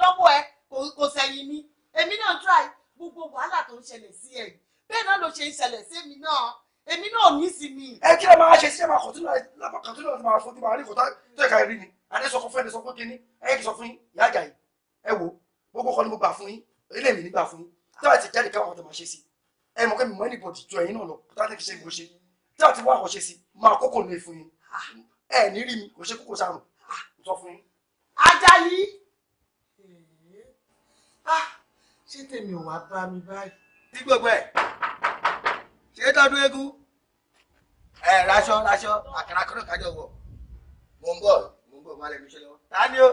adé sọ fún fún ẹni sọ fún kínní ẹyẹ kì í sọ fún yín ìyá àjà yìí ẹ wò gbogbo kọ́ ni mo gbà fún yín ilé mi nígbà fún yín tí wàá ti jáde káwọn ọ̀dọ́ máa ṣe sí ẹ mọ̀ kẹ́mi mọ́ ẹni bọ̀dì ju ẹ̀yin náà lọ tó dáná kì í ṣe gbòóṣe tí wàá ti wá àkọ́ṣe sí máa kókò nílé fún yín ẹ ní rí mi kò ṣe kókò sárùn kò sọ fún yín. ajá yìí ṣé tèmi ò wá bá mi báyìí. ní gbogbo ẹ ṣé tọdún eégún ẹ raṣọ raṣọ àkàrà kúrò kájọ wọ mò ń bọ̀ wálẹ̀ níṣẹ́ lọ́wọ́ ta ni o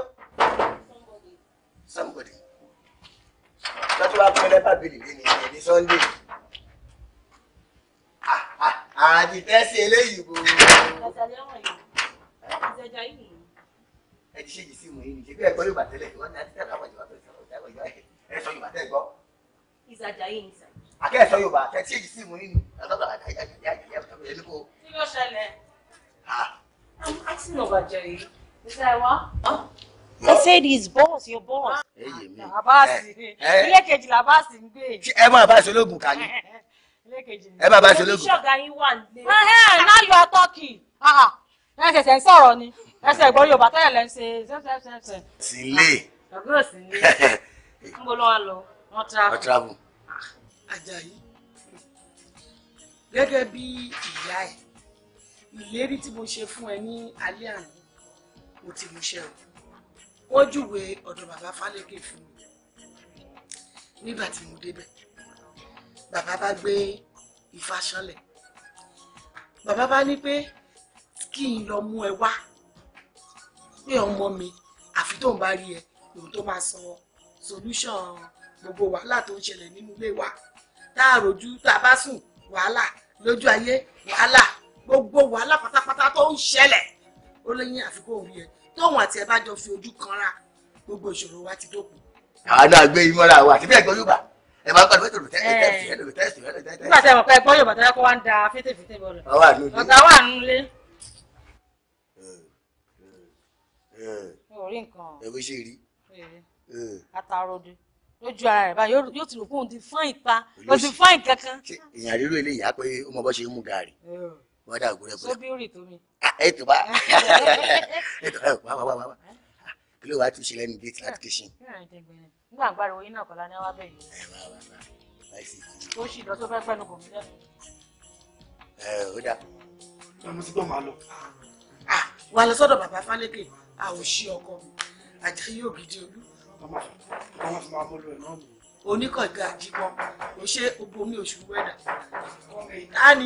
somebody lọ́tí wàá fún ẹlẹ́bà bìlì lẹ́ni ẹ̀ ní Sunday àdìtẹ́sí eléyìí bò ó. ẹ ti ṣèjì sí ìmọ̀ yìí nìyí bí ẹ̀gbọ́n yóò bà tẹ́lẹ̀ wọ́n ní àdìtẹ́ àwọn ìjọba tó ń sọ ìjọba ẹ sọ Yorùbá tẹ́ gbọ́. ìsàjà yìí ni sàjà. akẹ́ sọ Yorùbá tẹ́ ti ṣèjì sí ìmọ̀ yìí ni ọ̀dọ́dọ̀ àjàjà àjàjà àjàjà ẹ̀ ló kó. kí ló ṣẹlẹ̀? I'm asking about Jerry. Is that what? I said his boss, your boss. Ah, Abasi. Eh, eh. Ilé kejì la Abasi ń gbé. Ẹ máa bá aṣọ ológun kàní. Eh, Ilé kejì. Ẹ máa bá aṣọ ológun. Ṣọ̀gá yín wà nílé. Now you are talking. Ah, ah. Ẹ ṣẹ̀ṣẹ̀ ń sọ̀rọ̀ ni. Ẹsẹ̀ ìgbọ́n Yorùbá tẹ́lẹ̀ lẹ́ ń ṣe. Sílé. Ọ̀gbọ́n sílé. Ń bolo wa lọ, wọ́n travel. Wọ́n travel. Àjàyí, gẹ́gẹ́ bí ìyá ẹ̀, ìlérí tí mo ṣe fún ẹ ní alẹ́ àná mo ti múṣẹ́ o wọ́n júwe ọ̀dọ̀ bàbá Fálékè fún mi nígbà tí mo débẹ̀ bàbá bá gbé Ifá ṣánlẹ̀ bàbá bá ní pé kí n lọ mú ẹ wá pé ọmọ mi àfi tóun bá rí ẹ lòun tó máa sọ solution gbogbo wàhálà tó ń ṣẹlẹ̀ nínú ilé wa tá a rojú tá a bá sùn wàhálà lójú ayé wàhálà gbogbo wàhálà pátápátá tó ń ṣẹlẹ̀ ó lẹ́yìn àfikún òun yẹn tóun àti ẹ bá jọ fi ojú kanra gbogbo ìṣòro wa ti dópin. àwọn náà gbé ìmọ̀ra wa àti bí ẹ̀gbọ́n Yorùbá ẹ máa ń gbọ́dọ̀ mẹ́tòlù tẹ́sì tẹ́sì tẹ́sì tẹ́sì tẹ́sì. nígbà tí ẹ mọ̀ pé ẹ̀gbọ́n Yorùbá tó yẹ kó wá ń da fítèfítè bọ̀lẹ̀. ọ̀gá wà nílé. Eh, eh, eh. orí nǹkan. ẹ̀wé ṣe rí. àtàròdì lójú ara rẹ̀ báyìí yóò ti rò pé òun ti fọ́n ìpa òun ti fọ́n ìkankan. ìyàrá irú eléyìí á pé ó mọ bọ́ ṣe ń mú gaàrí wọ́n dà gúrẹ́ gúrẹ́. sóbírì tó mi. ètò bá ètò bá wà wà wà wà kí ló wà á ti ṣe lẹ́nu gate láti kitchen. nígbà àgbàrò oyin náà kọ́lá ní wá bẹ̀ <laughs> yìí. <laughs> ẹ wá wá wá ah, láìsí. Eh, ó ṣì lọ tó fẹ́ pẹ́nu kò fi lẹ́nu. ẹ eh, ó dà. mo ti gbọ́ màá lọ. Ah, wà á lọ sọ́dọ̀ bàbá Fálékè a ò ṣí ọkọ mi àjẹ́ yóò gidi olú. màmá màmá fún wa mọ́ lóyún náà oníkọ̀gá àjíbọn ò ṣe obomi òṣù wẹ́dà. ta ni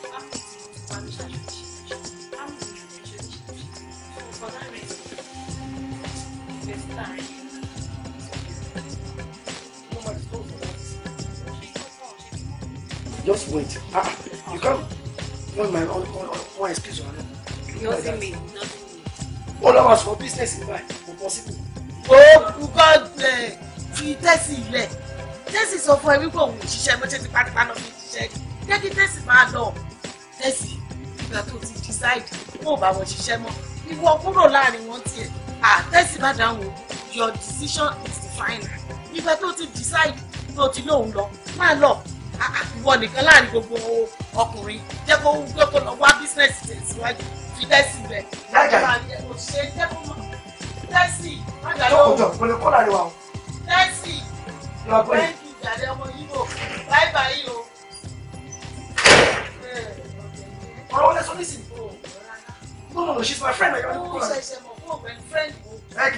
Just wait. Ah, you can't. One my one, one, excuse or another. Nothing me. Nothing. All of us for business in mind. For possible. Oh, God bless. Eh, fi tẹ́sí ilẹ̀. Tẹ́sí sọ fún ẹ wípé òun ìṣiṣẹ́ bó ṣe ti pátápátá lọ fi ṣiṣẹ́. Jẹ́ kí tẹ́sí máa lọ. Tẹ́sí ìgbà tó ti decide oh, but kó bá wọn ṣiṣẹ́ mọ́. Ìwọ kúrò in one tiẹ̀. Ah, Tessie bá Your decision is the final. Ìgbà tó ti decide tó you know lọ. Máa lọ ìwọ nìkan láàrin gbogbo ọkùnrin jẹ́ kó wú pé kó lọ wá bísínẹ́sì tẹ̀síwájú fi dẹ́sì rẹ̀ lágbára ni ẹ jẹ́ kó mọ dẹ́sì lágbára yóò o.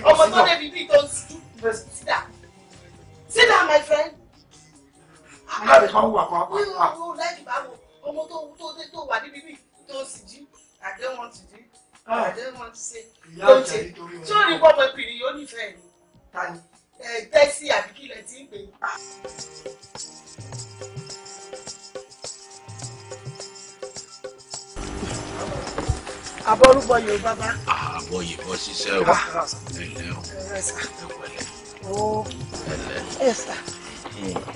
ọmọ tó débi bíi tó ń sùn. Sit my friend àlẹ́ kan wà pa pa pa. yóò lẹ́yìn ìbáwò ọmọ tó tó tó wà níbi bí tó sì jí àdé wọn ti jí àdé wọn ti ṣe ló ń ṣe tí ó rí bọ́ọ̀bù ìpìlì yóò nífẹ̀ẹ́ ni tẹ́sí àbíkílẹ̀ tí ń pè é. àbọrúbọ yóò bàbá. àbọ̀ yìnbọn ṣiṣẹ́ o ah. ẹ̀lẹ́ o ẹ̀lẹ́ o ẹ̀lẹ́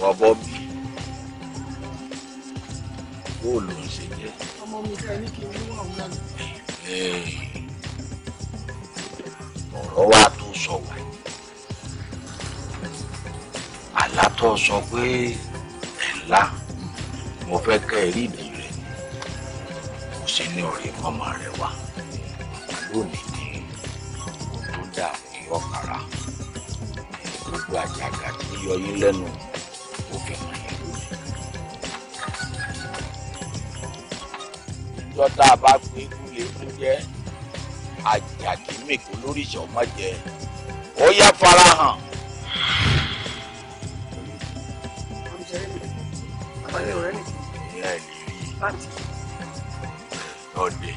wọ́n bọ́ bí kó ló ń ṣe jẹ́. ọmọ mi ká ní kí n mú àwọn náà. ọ̀rọ̀ wa tó sọ wá alátọ̀ sọ pé ńlá mo fẹ́ kẹ́ ẹ rí ìdí rẹ̀ kò sí ní ọ̀rẹ́ ọmọ rẹ̀ wá lónìí ni tó dà ní ọ̀kàrà gbogbo àjàgà tí yọ yín lẹ́nu jọ́tà bá pé kúlẹ̀ kú jẹ́ àjàkí mèkó lórí ìṣọ̀mọ́jẹ ó yá farahàn. ọ̀dẹ̀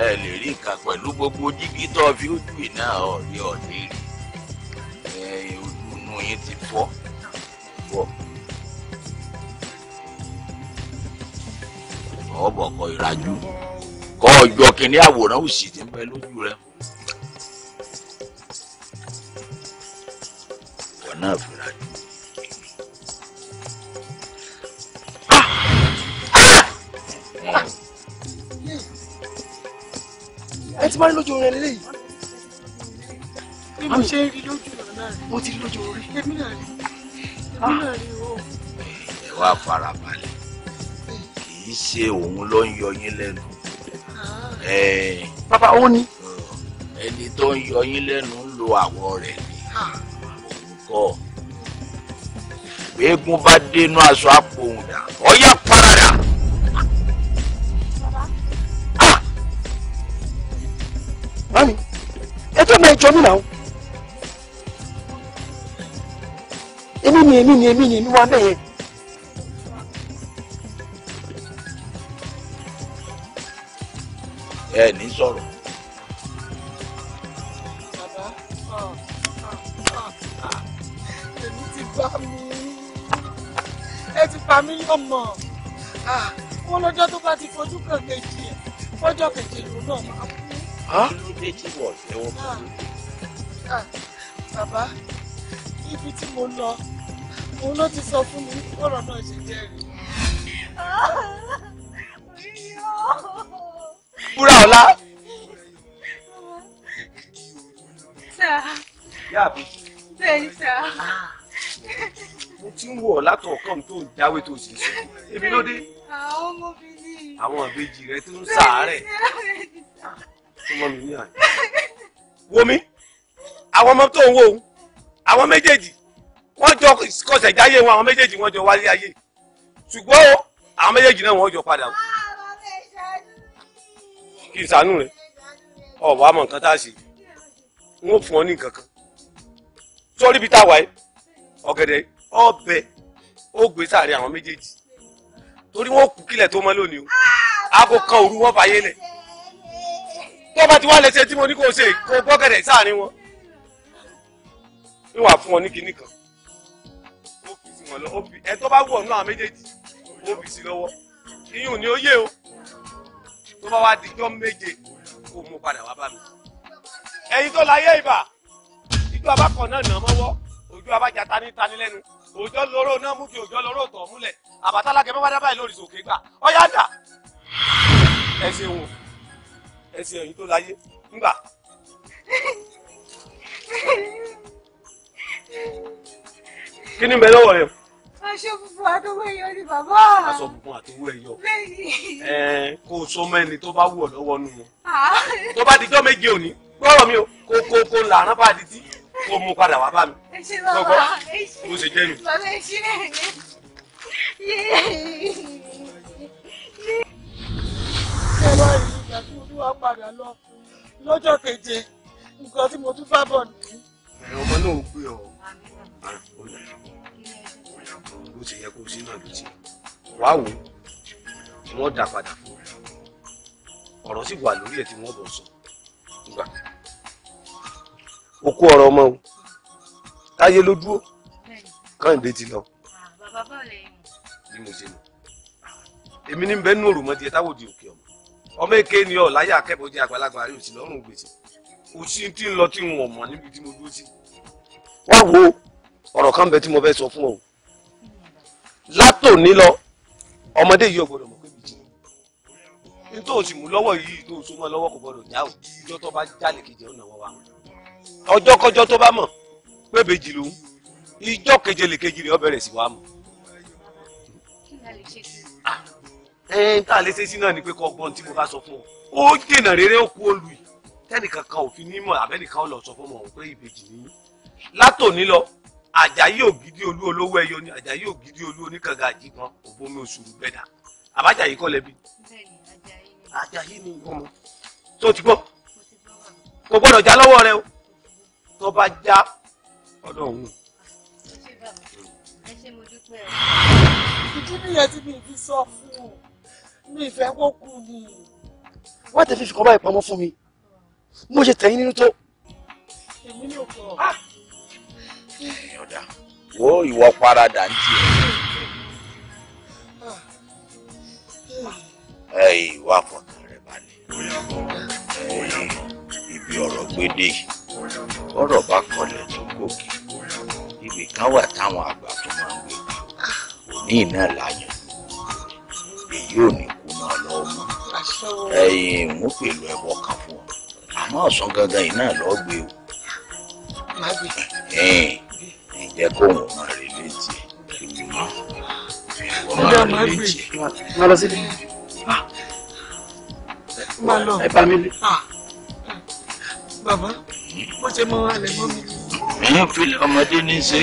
ẹ lè rí nǹkan pẹ̀lú gbogbo jígí tó fi ojú ìná ọ̀rẹ́ ọ̀dẹ̀ rí ẹ ojú inú yín ti fọ́. ọ̀bọ̀ kọ ìrajú kọ ọjọ́ kìíní àwòrán òsì tí ń bẹ lójú rẹ. wọn náà fi rajú. ẹ ti máa ń lójú orin eléyìí. bí mo ṣe rí lójú ọ̀rọ̀ náà mo ti rí lójú orin. èmi náà rí èmi náà rí o. ẹ wá fara balẹ̀ ṣe òun ló ń yọ yín lẹ́nu. Ah. bàbá ó ní. ẹni tó ń yọ yín lẹ́nu ń lo àwọ̀ rẹ̀ ni ah. òun kọ́ gbẹ́gun bá dénú aṣọ àpòhùn dà ọ̀yà parada. Ah. mami ẹ tó mọ ẹjọ́ mi náà èmi ni èmi ni èmi ni èmi wá bẹ́ẹ̀ yẹn. ẹ ní sọ̀rọ̀. èmi ti bá mi ẹ ti pa mí lọ́mọ wọn lọ́jọ́ tó bá ti fojú kan kejì ẹ̀ fọ́jọ́ kejì ìlú náà máa kú. ìlú méjì wọ̀ lẹ́wọ́ pẹ̀lú. bàbá ibi tí mo lọ òun ló ti sọ fún mi ọ̀rọ̀ náà ṣe jẹ́ rí búra ọ̀la. yáàbí. bẹ́ẹ̀ni sá. mo ti ń wò ọ́ látọ̀ ọ̀kan tó ń dáwé tó sì ń sọ ebi ló dé. àwọn ọmọbìnrin. àwọn àbejì rẹ tó ń sàárẹ̀. tó mọ mi ní àná. wo mi àwọn ọmọ tó ń wò ó àwọn méjèèjì wọ́n jọ kọsẹ̀ jáyé wọn àwọn méjèèjì wọ́n jọ wálé ayé ṣùgbọ́n àwọn méjèèjì náà wọ́n jọ padà wọ́n kí n rẹ ọ̀bọ̀ àmọ̀ nǹkan tá a ṣe n ó fún ọ ní nǹkan kan sórí ibi tá a wà yìí ọ̀gẹ̀dẹ̀ ọbẹ̀ ó gbé sáré àwọn méjèèjì torí wọn kù kílẹ̀ tó mọ́ lónìí o aago kan òru wọn fàyè lẹ̀ tó bá ti wá lẹ́sẹ̀ tí mo ní kó o ṣe kó o gbọ́gẹ̀dẹ̀ sáàrin wọn ìwà fún ọ ní kinní kan ó fi sí wọn lọ ẹ tó bá wù ọ̀nà àwọn méjèèjì ó fi sí lọ́wọ́ iyùn ni ó yé o tó bá wá dijọ́ méje kó mú padà wá bá mi. ẹ̀yin tó láyé ìbà ìjọ abákọ̀ náà nà mọ́wọ́ òjò abájà tani tani lẹ́nu òjò lóró náà mú kí òjò lóró tọ̀ múlẹ̀ àbátálákẹ́ bá dábàá lórí sòkè gbà ọ̀yá dà. ẹ ṣe wò ẹ ṣe ẹ̀yin tó láyé ńgbà. kí ni bẹ lọ́wọ́ rẹ̀? aṣọ funfun àtọwọ́ ẹyọ ni bàbá. aṣọ funfun àtọwọ́ ẹyọ. ẹ kó o sọ mẹ́ni tó bá wù ọ́ lọ́wọ́ nù tó bá dijọ́ méje òní gbọ́rọ̀ mi o kó kó kó làárọ̀ bá di tí kó mú padà wá bá mi. ẹ ṣe bàbá ẹ ṣe bó ṣe jẹ́ mi. bàbá ẹ ṣe ṣe wá ìgbà tí olúwa padà lọ lọ́jọ́ keje nǹkan tí mo tún bá bọ̀ nìyí. ẹ ọmọ náà ń pè ọ́ bó ṣe yẹ kó ṣe náà ló ṣe wá wò tí wọ́n dá padà fún ọ̀rọ̀ sì wà lórí ẹ̀ tí wọ́n bọ̀ sọ gbà o kó ọ̀rọ̀ ọmọ o táyé ló dúró káyìndé ti lọ bí mo ṣe lọ èmi ní bẹ́ẹ̀ nù òròmọdé ẹ táwọn òdì òkè ọmọ ọmọ èké ni ọ láyé akẹ́kọ̀ọ́ jẹ́ àgbàlagbà rí òsì lọ́rùn gbèsè òsì tí ń lọ tí ń wọ̀n mọ̀ níbi tí mo dúró sí. wá wo ọ̀rọ̀ kan bẹ tí mo fẹ́ sọ fún ọ látòní lọ ọmọdé yìí ò gbọdọ̀ mọ̀ pé bìtì ní tó o sì mú lọ́wọ́ yìí tó o súnmọ́ lọ́wọ́ kò gbọdọ̀ já o ọjọ́ tó bá jálè kejì ọ̀nà wọn wa ọjọ́ kọjọ́ tó bá mọ̀ pé bèjì lòun ìjọ keje lè kejì rẹ̀ ó bẹ̀rẹ̀ sí wa mọ̀. ẹn tá a lè ṣe sí náà ni pé kọ́ ọgbọ́n tí mo bá sọ fún ọ ó dènà rere ó kú olùyìí tẹ́nìkankan ò fi ní mọ̀ àbẹ́nìkan ò lọ sọ fún ọmọ pé ìbejì ní látòní lọ àjàyí ògidì olú olówó ẹyọ ni àjàyí ògidì olú oníkànga àjíkan òbomi òṣùrù gbẹdà àbájáyí kọ́ lẹ́bi àjàyí ni ọmọ tó ti gbọ́ kò gbọ́dọ̀ já lọ́wọ́ rẹ o tó bá já ọ̀dọ̀ òun. ìdí nìyẹn tí mi fi sọ fún mi ìfẹ́ kó kú ni. wọ́n ti fi fìkọ́ báyìí pamọ́ fún mi mo ṣe tẹ̀yìn nínú tó. èmi ní òkú ọ̀. Eh, wo ìwọ parada ń tiẹ ah. ẹ ìwà fọkàn rẹ balẹ̀ ẹ̀yìn ibi ọ̀rọ̀ gbédè ọ̀rọ̀ bá kọlẹ̀ tó gòkè ibì kan wà táwọn àgbà tó máa ń gbé òní láyọ̀ èyí ò ní kú mọ́ mú ẹbọ kan fún ọ àmọ́ ọ̀sán gangan lọ́ọ́ gbé o. jẹ́ kó wọn máa rí létí ìgbìmọ̀ ìwọ máa rí létí. má lọ síbi ah. má lọ ẹ bá mi lé. Ah. bàbá bó ṣe mọ alẹ mọ mi. mi ò fi ọmọdé ní í ṣe.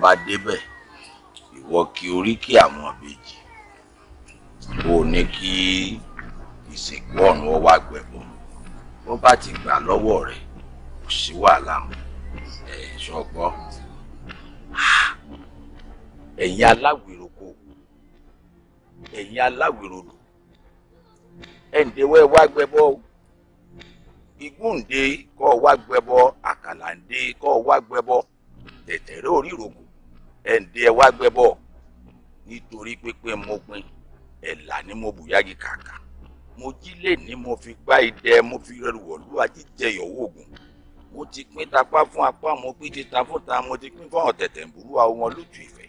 bá débẹ̀ ìwọ kí oríkì àwọn ìbejì ó ní kí ìsìnkú ọ̀run wá gbẹ̀bọ̀ bó bá ti gbà lọ́wọ́ rẹ̀ kò sí wàhálà mọ́ ẹ̀ ṣọgbọ́ ẹ̀yin aláwìroko ẹ̀yin aláwìrolo ẹ̀ǹdẹ̀wẹ́ wá gbẹ̀bọ̀ igúnde kọ́ wá gbẹ̀bọ̀ àkàlàǹde kọ́ wá gbẹ̀bọ̀ tẹ̀tẹ̀rẹ́ orí ìrògùn ẹ̀ǹdẹ́ ẹ wá gbẹ́bọ̀ nítorí pépé mo ẹ̀là ni mo bùyági kàkà mo jí lè ní mo fi gbá idẹ mo fi rẹrù wọ̀lú àjíjẹ yọ̀wọ́ ògùn mo ti pín tapá fún apá mo pín títa fún ta mo ti pín fáwọn tẹ̀tẹ̀ ń burú àwọn lójú ìfẹ́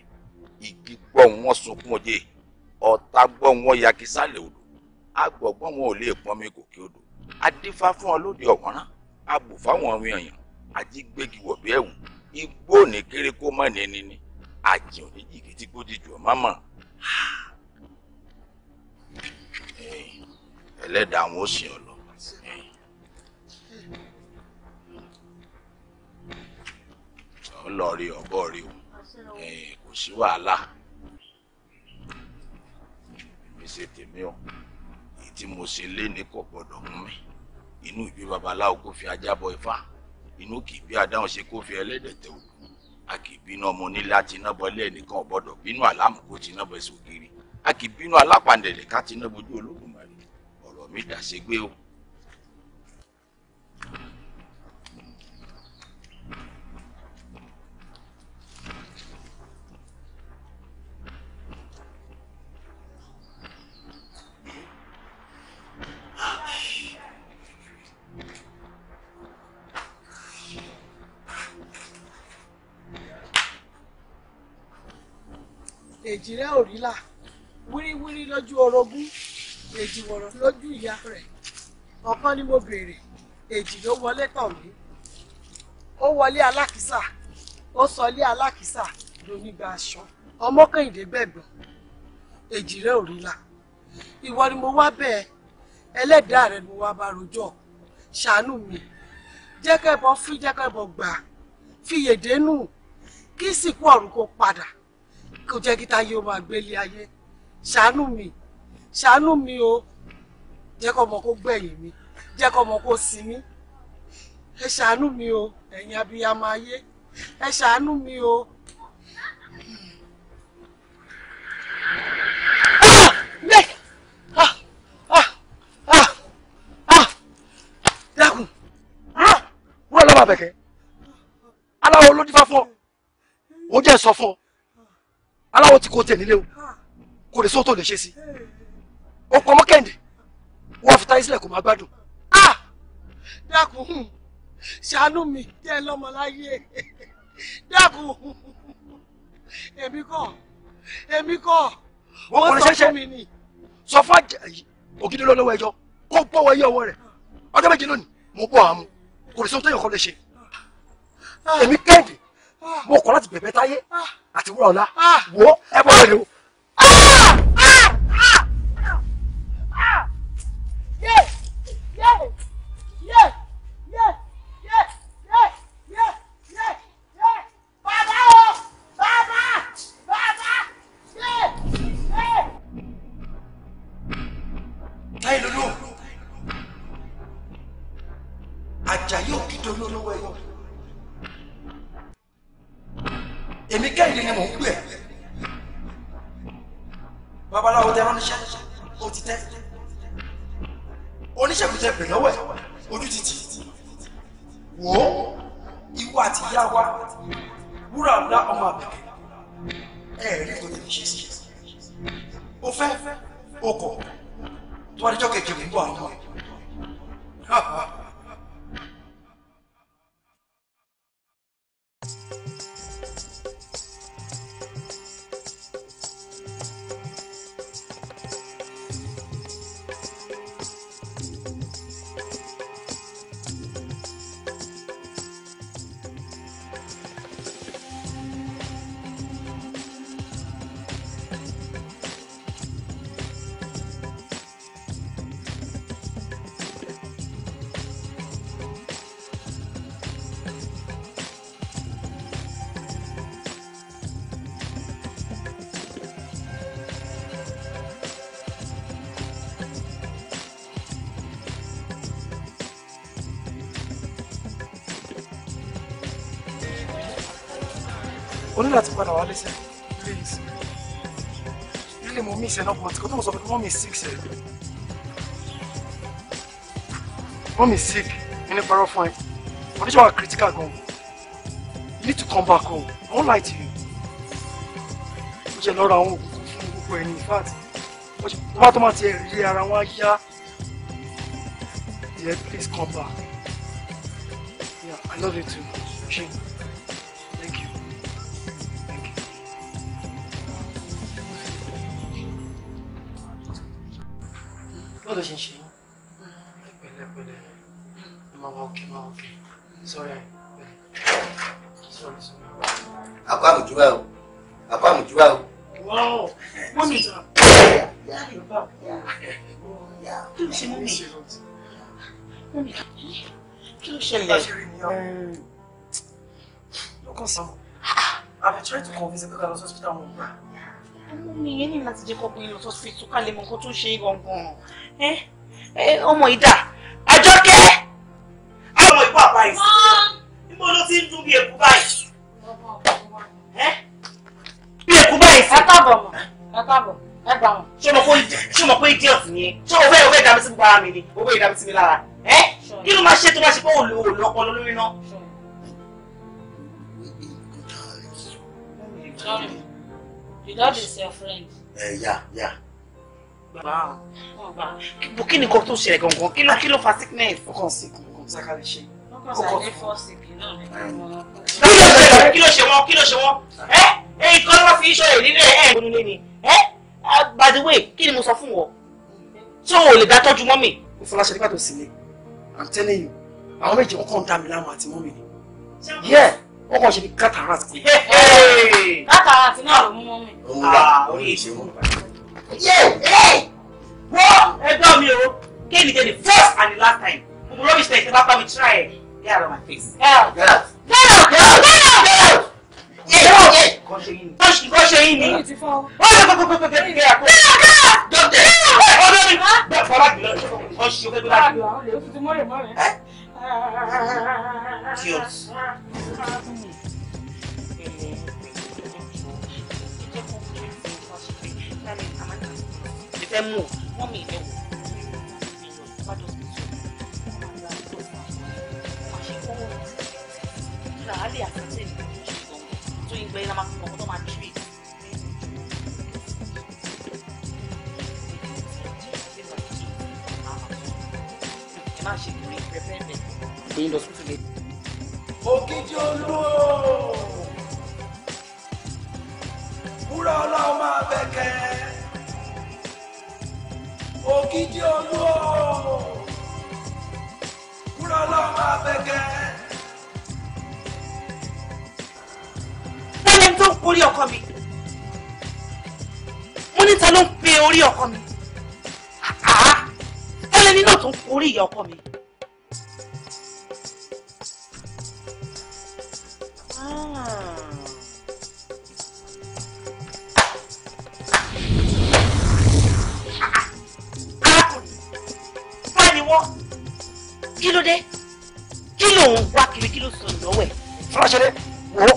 igi gbọ́ wọn sunkún oje ọ̀tá gbọ́ wọn yagi sálẹ̀ odò agbọ̀gbọ́n wọn ò lè pọnmi gòkè odò adífá fún ọ lóde ọ̀wọ́nrán abù fáwọn ọmọ èèyàn ajígbégi wọ̀bí ẹ̀wù igbó ní kéré kó ní ní ni. ni, ni àjìn ò ní jìgì tí kò dìjọ mọ́mọ́ ẹlẹ́dàá àwọn òsì ọ̀lọ́. ọlọ́ọ̀rí ọ̀bọ̀ rí o kò sí wàhálà èmi ṣe tèmi o èyí tí mo ṣe lé ní kò gbọdọ̀ mú mi inú ìbí babaláwo kò fi ajá bọ ifá inú kì í bí adáhùn ṣe kó fi ẹlẹ́dẹ̀ tẹ òkú a kì í bínú ọmọ onílé àti iná bọlé ẹnìkan ọ̀bọ̀dọ̀ bínú àlámù kó ti iná bọ ẹsẹ̀ ògiri a kì í bínú alápàǹdẹ̀lẹ̀ ká ti iná bojú ológun ọ̀rọ̀ mi dàṣe gbé o ìlà wíríwírí lójú orogún èjì wọ̀rọ̀ lójú ìyá rẹ̀ ọ̀kan ni mo béèrè èjì ló wọlé tàn mí ó wọlé alákìsà ó sọlé alákìsà lónígbà aṣọ ọmọ kẹ́hìndé gbẹ̀gbọ́n èjì rẹ̀ ò rí la ìwọ ni mo wá bẹ́ẹ̀ ẹlẹ́dàá rẹ̀ mo wá bá rojọ́ ṣàánú mi jẹ́kẹ́bọ fún jẹ́kẹ́bọ gbà fìyèdénú kí sìnkú ọ̀run kó padà kò jẹ́ kí táyé ọmọ àgbélé ayé ṣàánú mi ṣàánú mi o jẹ́ kọ́ ọmọ kó gbẹ̀yìn mi jẹ́ kọ́ ọmọ kó sin mi ẹ ṣàánú mi o ẹ̀yin abiyamọ ayé ẹ ṣàánú mi o. dákun wúrọ̀ lọ́wọ́ àbẹ̀kẹ́ aláwọ̀ ló dífá fún ọ ó jẹ́ sọ fún ọ aláwọ̀ tí kò tẹ̀ nílé o kò lè sóòtò lè ṣe sí o pọ̀ mọ́kẹ́ndì wọ́n fi táyé sílẹ̀ kò máa gbádùn. dákun ṣàánú mi jẹ́ lọ́mọ láyé dákun èmi kọ́ èmi kọ́ wọ́n sọ fún mi ni. sọ fún àjàyí ògidì lọ́wọ́ ẹjọ́ kó bọ́wọ́ yé ọwọ́ rẹ̀ ọjọ́ méje lónìí mo bọ̀ àmú kò lè sóòtò yẹn kọ́ lè ṣe èmi kẹ́ndì mo kọ̀ láti bẹ̀bẹ̀ táyé àti wúrà ọ̀la wọ́ ẹ bọ́ rẹ̀ Yeah! Yeah! Yeah! èmi kẹ́hìndé ni mò ń gbé ẹ̀ babaláwo tẹ ránníṣẹ́ o ti tẹ́ oníṣègùn tẹ bèrè lọ́wọ́ ẹ̀ ojú ti tì wò ó ìwọ àti ìyá wa wúrà ńlá ọmọ àbẹ̀kẹ́ ẹ̀ rí tó lè ṣe sí o fẹ́ o kọ̀ tó wá níjọ́ kẹ̀kẹ́ mi ń bọ̀ àwọn ọmọ ẹ̀. láti padà please really mo miss ẹ náà but kò tó mo sọ pé mi sick sẹ́yìn wọ́n mi sick mi ní parọ́ fún ẹ condition wa critical gan you need to come back home I won't lie to you ó jẹ́ lọ́ra àwọn òkùnkùn fún gbogbo ẹni in fact tó bá tó máa ti rí ara wọn yá yeah please come back yeah I love you too. Shane. mal mal ok ok, sorry, sorry sorry, wow, mami tu ló ṣe ń ṣe yín. pẹ̀lẹ́pẹ̀lẹ́ ẹ máa wá òkè máa òkè sọrí ẹ sọrí sọrí. àpá àmùjúbà o àpá àmùjúbà o. wọ́n mú mi jà. kí ló ṣe mú mi? kí ló ṣẹlẹ̀? lọ́kàn sọ àbẹ̀ try to convince pé ká lọ sí hospital wọn gbà. ọmọ mi yẹn ní láti jẹ́ kọ́ pé lọ sí hospital ká lè mọ nǹkan tó ń ṣe é gangan. Eh, eh, ọmọ ìdá àjọkẹ́ àwọn ìkú àpá yìí níbo ló ti ń dún bí èkú báyìí eh? bí èkú báyìí sí. ẹ káàbọ̀ mọ̀ ẹ káàbọ̀ ẹ gbà wọ́n. ṣé mo kó ṣé mo kó idiot yẹn ṣé o fẹ́ o fẹ́ dàbí sí gbogbo ara mi ni o fẹ́ dàbí sí mi lára ẹ kí ló máa ṣe tó máa ṣe pé òun ò lọ́pọ̀ lórí náà. Sorry, you is your friend. Uh, yeah, yeah gbà kí ni nǹkan tó ṣẹlẹ̀ gangan kí ló kí ló fa sickness. ó kàn sick ló kàn sákàlì ṣe. ó kàn sàlẹ̀ fọ́ sick náà nípa. kí ló ṣe wọ́n kí ló ṣe wọ́n ẹ́ ẹ́ ikọ́ ló fi iṣọ́ ẹ̀ nílé ẹ̀ gbónúlé ni ẹ́ by the way kí ni mo sọ fún wọn tí o lè dá mami mọ́mì. ìfọláṣẹ nígbà tó sì le i'm telling you àwọn méjì wọn kàn ń dá mi yeah àti mọ́mì ni yẹ wọn kàn ṣe bí kátàràtì. kátàràtì náà ló mú mọ́mì. òun wà ah, orí ìṣèwọ̀n wọ́n ẹ̀dọ́ mi o kéènì kéènì first and the last time gbogbo rubbish tẹ̀sí bá bá mi try get out of my face. get out get out get out get out. Nǹkan ṣe yín ni. Nǹkan ṣe yín ni. Ó ti fọ́. Ó ti fọ́ pẹ́pẹ́pẹ́ pẹ́pẹ́ kí ẹ kó. Dọ́kítẹ̀. Ọ̀dọ́ mi. Bẹ́ẹ̀ fọlá jùlọ ọ̀ṣì ó pẹ́pẹ́ láti. Tí o. fẹ́ mú wọn mi ìfẹ́ wò. Àlè àtẹ̀tẹ̀ mi tó ń máa bẹ̀kẹ́ ògidì olóòmù kúrò lọ́mọ abẹ́gẹ́. Bẹ́ẹ̀ni tó ń porí ọkọ mi, mo níta ló ń pe orí ọkọ mi, ẹlẹ́ni náà tó ń porí ìyá ọkọ mi. Ah. lọ́wọ́ kí ló dé kí ló ń wá kiri kí ló sọ ìnáwó ẹ̀. fúnraṣẹ́lẹ̀ wò ó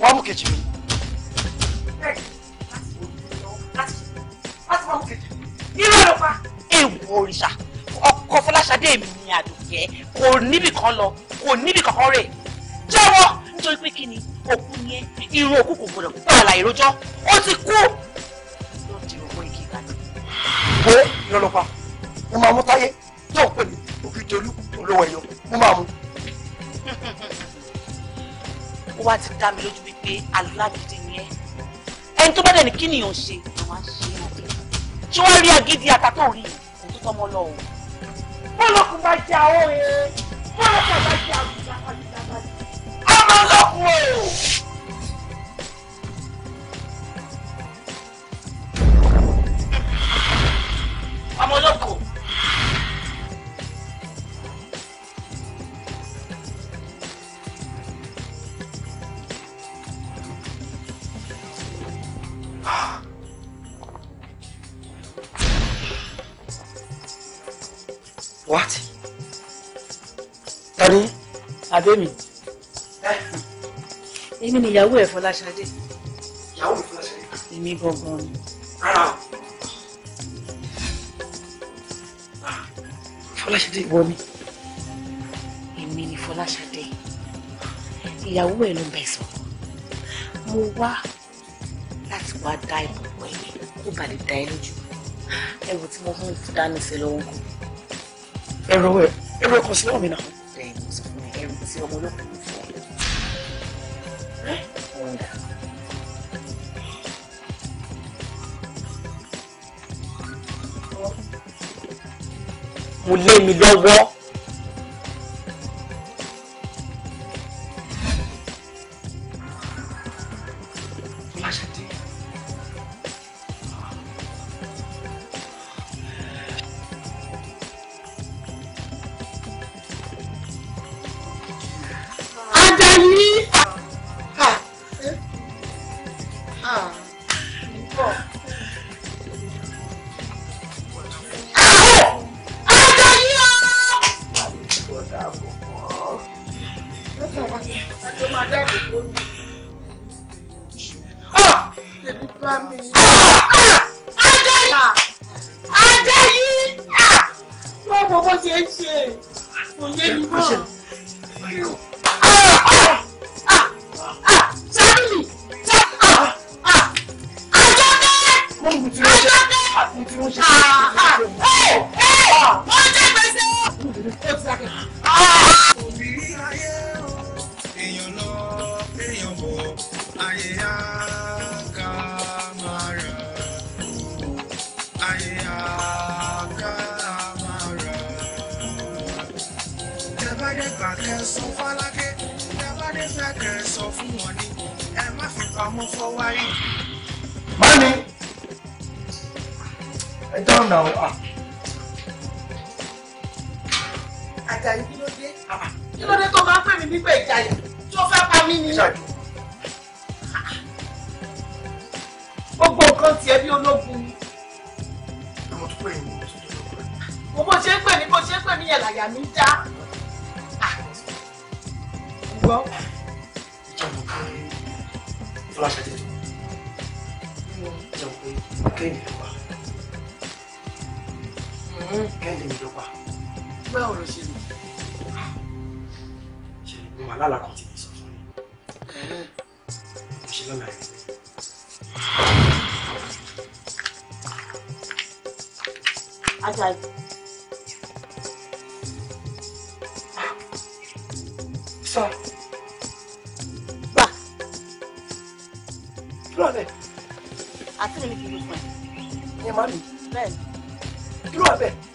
wọ́n mú kejì mi. irú ló pa èèwọ̀ òrìṣà ọkọ fọláṣadé mi ni àdùnkẹ́ kò níbì kan lọ kò níbì kankan rè jẹ́wọ́ nítorí pé kí ni òkú yẹn irun òkú kò gbọdọ̀ púpọ̀ àlàyé rojọ́ ó ti kú. lọ́ọ̀dì ògbó igi ìgbà ni. wo ìrọ̀lọ́pàá mo máa mú táyé tó ń pè ní òkìtolú olówó ẹyọ mo máa mú. ó wá ti dá mi lójú wípé alágídí ni ẹ ẹni tó bá dẹ̀ ní kí nìyàn ṣe àwọn àṣẹ ọ̀gbìn tí wọ́n rí agídí àtàtọ̀ rí kò tó tọmọ lọ o. bọ́lọ́kùn bá jẹ àwọn èèyàn bọ́lọ́kùn bá jẹ àgùntàn àgùntàn àgùntàn. a máa lọ́kùn o. èmi ni ìyàwó ẹ̀ Fọláṣadé. ìyàwó mi Fọláṣadé. èmi gangan ni. rárá o. Fọláṣadé ìwọ ni. èmi ni Fọláṣadé ìyàwó ẹ̀ ló bẹ̀ sọ mo wá láti wá dá ìbùkún ẹ̀yẹ kó bà lè dá ẹ lójú ẹ̀rù tí mo fún dání sí lọ́wọ́ ẹ̀rọ ẹ̀rọ ẹ̀kọ́ sí lọ́wọ́ mi náà. lé mi lọ́wọ́ ní ẹ̀làyà mi dá. Gbọ́. Ìjọba Fọláṣadé sọ pé kẹ́hìndé ló pa. Kẹ́hìndé mi ló pa. Báwo ló ṣe lè? Ṣé mo wà lálàá kan tí mo sọ fún yín? Mo ṣe lọ́nà ẹ̀. Ajayi.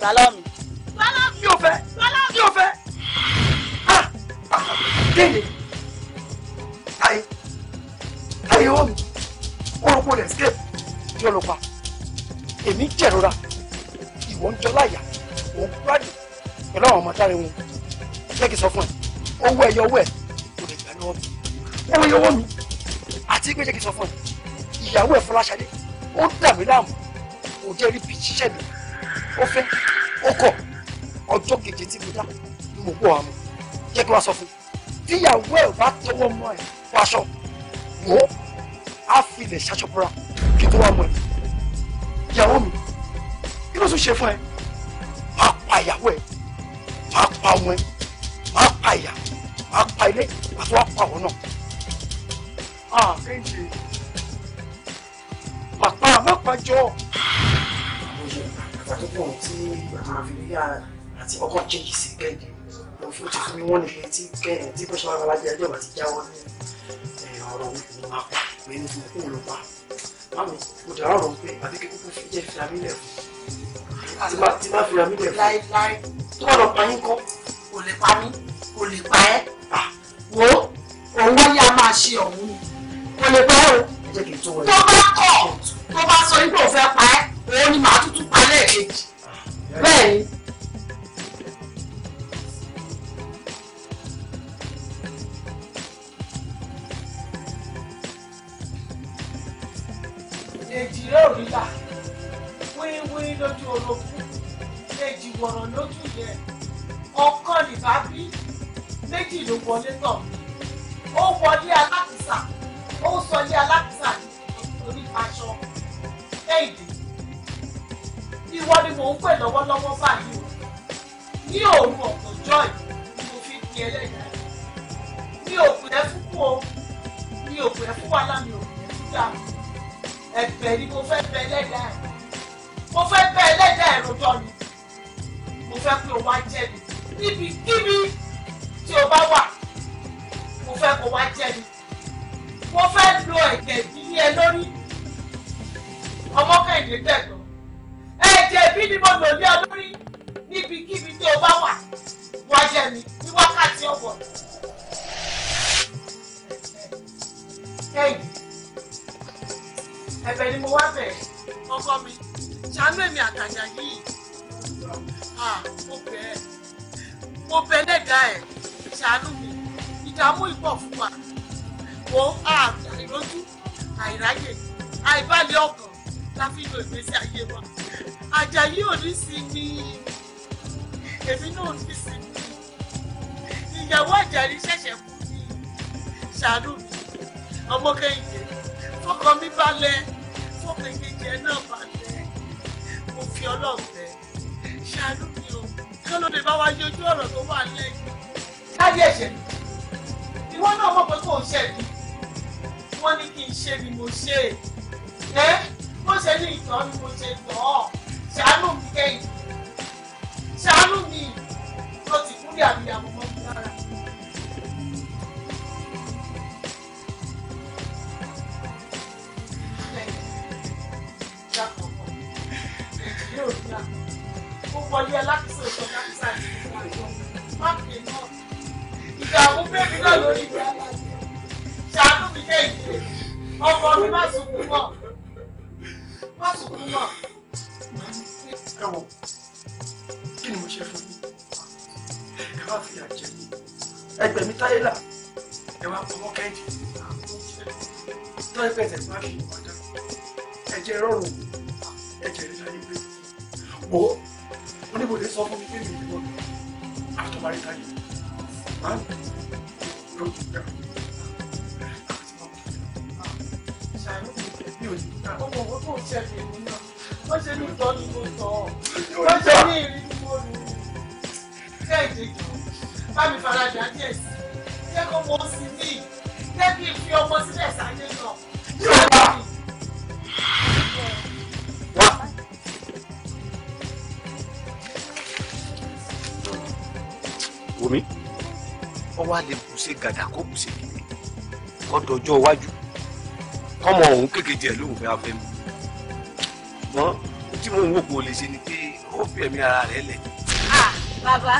Salón. população com Life, life, tọrọ kan yín sà ẹ̀bẹ̀ ni mo fẹ́ bẹ lẹ́dàá ẹ̀ mo fẹ́ bẹ lẹ́dàá ẹ̀ lọ́jọ́ ni mo fẹ́ pé o wá jẹ́ mi níbi kíbi tí o bá wà mo fẹ́ kó wá jẹ́ mi mo fẹ́ lo ẹ̀jẹ̀ ìdílé ẹ lórí ọmọ kẹ́hìndé tẹ̀gbọ́n ẹ̀jẹ̀ bí ni mo lò lé ọ lórí níbi kíbi tí o bá wà wá jẹ́ mi ní wákàtí ọ̀wọ̀ kẹ́hìndé ẹ̀bẹ̀ ni mo wá bẹ̀. ọkọ mi ṣàánú èmi àtàjà yìí mo bẹ̀ ẹ́ mo bẹ̀ lẹ́dà ẹ̀ ṣàánú mi ìdààmú ìpọ̀ fún wa wo àìrójú àìráyè àìbálẹ̀ ọkàn la fi lo ìgbésí ayé wa Àjàyí ò ní sinmi èmi náà ò ní sinmi ìyàwó Àjàyí ṣẹ̀ṣẹ̀ kú ní ṣàánú mi ọmọ kẹ́hìndé fọkàn mi balẹ̀ fọkàn ìgbẹ́jẹ náà balẹ̀ mo fi ọlọ́ọ̀fẹ́ ṣàánú mi o kí ló bá wá yọjú ọ̀rọ̀ tó wà lẹ́yìn. káyé ẹ̀ṣẹ̀ ìwọ náà mọ̀ pé kò ṣẹ̀ mí wọ́n ní kí n ṣe ni mo ṣe é mo ṣe ní ìtọ́ ni mo ṣe tọ́ ṣàánú mi kẹ́yìn ṣàánú mi ló ti kúrẹ́ àbíyàwó mọ́. ó wọlé ẹ láti sọ ìtọ́ láti sàn máàkì náà ìdààmú bẹ́ẹ̀ni náà lórí ìgbà ṣàánú mi jẹ́ ìdílé ọmọ mi má sunkún mọ́ má sunkún mọ́. ẹ kí ni mo ṣe fún yín ẹ wá fìyà jẹ mí ẹgbẹ̀mí táyé là ẹ wá pọmọ kẹ́ńtì tọ́lẹ̀ pẹ̀tẹ̀ má fi ìwà dá ẹ̀jẹ̀ rọrùn ẹ̀jẹ̀ rẹ̀ láyé pé wò mo ní mo lè sọ fún mi pé mi ìbò ni máa ń lò ó gbà. ọmọ owó tó ń ṣẹlẹ̀ mi náà wọ́n ṣe ní ìtọ́ ni mo sọ wọ́n ṣe ní ìrírí ni mo rí ṣé ìdíjú bá mi farajà díẹ̀ sí jẹ́ kó mo sì ní jẹ́ kí n fi ọmọ sílẹ̀ sáyé náà. omi wọ́n wá lè bùṣe gàdà kó bùṣe kìíní kọ́dọ̀ ọjọ́ iwájú kọ́mọ òun kékeré ẹ̀ lóhùn fẹ́ afẹ́ mi mọ́ tí mò ń wò kó lè ṣe ni pé ó fi ẹ̀mí ara rẹ̀ lẹ̀. bàbá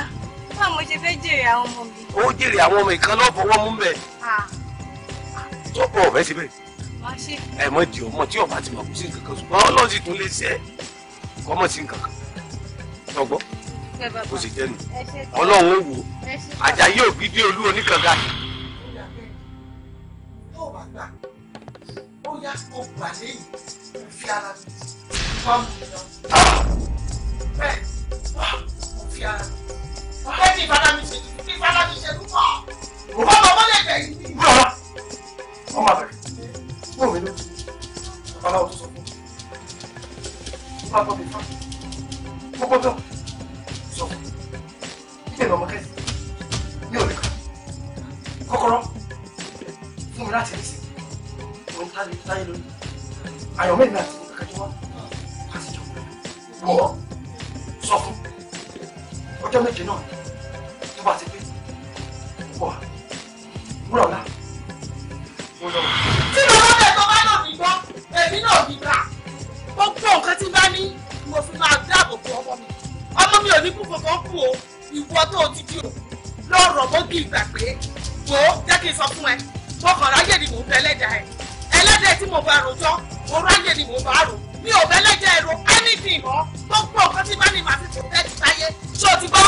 báwo mo ṣe fẹ́ jèrè àwọn ọmọ mi. ó jèrè àwọn ọmọ ìkan lọ́ọ́ fọwọ́ mú bẹ́ẹ̀. tó bọ̀ ọ̀fẹ́ síbẹ̀. ẹ mọ̀ di ọmọ tí ọba ti mọ̀ kó sí nǹkan kan ṣùgbọ́n ọlọ́run sì tún lè ṣe é kọ́mọ̀ sí nǹkan kan. ọgbọ́n kò sì jẹ́ nù ọlọ́run ó wò Àjàyí Ògìdì Olú Oníkanga. yóò bá gbà ó yá kó gbà lẹ́yìn fi ara mi wá mú mi lọ bẹ́ẹ̀ wá mo fi ara mi bẹ́ẹ̀ ní ìfara mi ṣe ní ìfara mi ṣe ló pọ̀ bàbá bàbá lè bẹ̀ yìí. bàbá wọn máa bẹ̀rẹ̀ fún mi lójú bàbá wọn tó sọ fún mi bàbá mi fún mi gbogbo náà tẹ̀lé ọmọ kẹ́sì mi ò lè kọ́ kọ́kọ́rọ́ fún mi láti ẹ̀sìn mo ń táyé táyé lónìí ayọ̀ mẹ́rin àti mo kẹ́kẹ́ tó wá wá sí ìjọba wọ́ sọ fún ọjọ́ méje náà tó bá ti pé wọ́ wúrọ̀ ọ̀la mo lọ. tí mo bá bẹ̀ tó bá náà mi gbọ́ ìwọ tó o ti di o lọ́rọ̀ mọ́ kí ìgbà pé wò ó jẹ́ kí n sọ fún ẹ mo kàn ráyè ni mò ń bẹ ẹlẹ́dàá ẹ ẹlẹ́dàá tí mo bá rò mo ráyè ni mò ń bá rò mi ò bẹ ẹlẹ́dàá anything mọ́ gbogbo nǹkan tí bá ní màá fi tún bẹ́ẹ̀ ti táyé ṣé o ti gbọ́.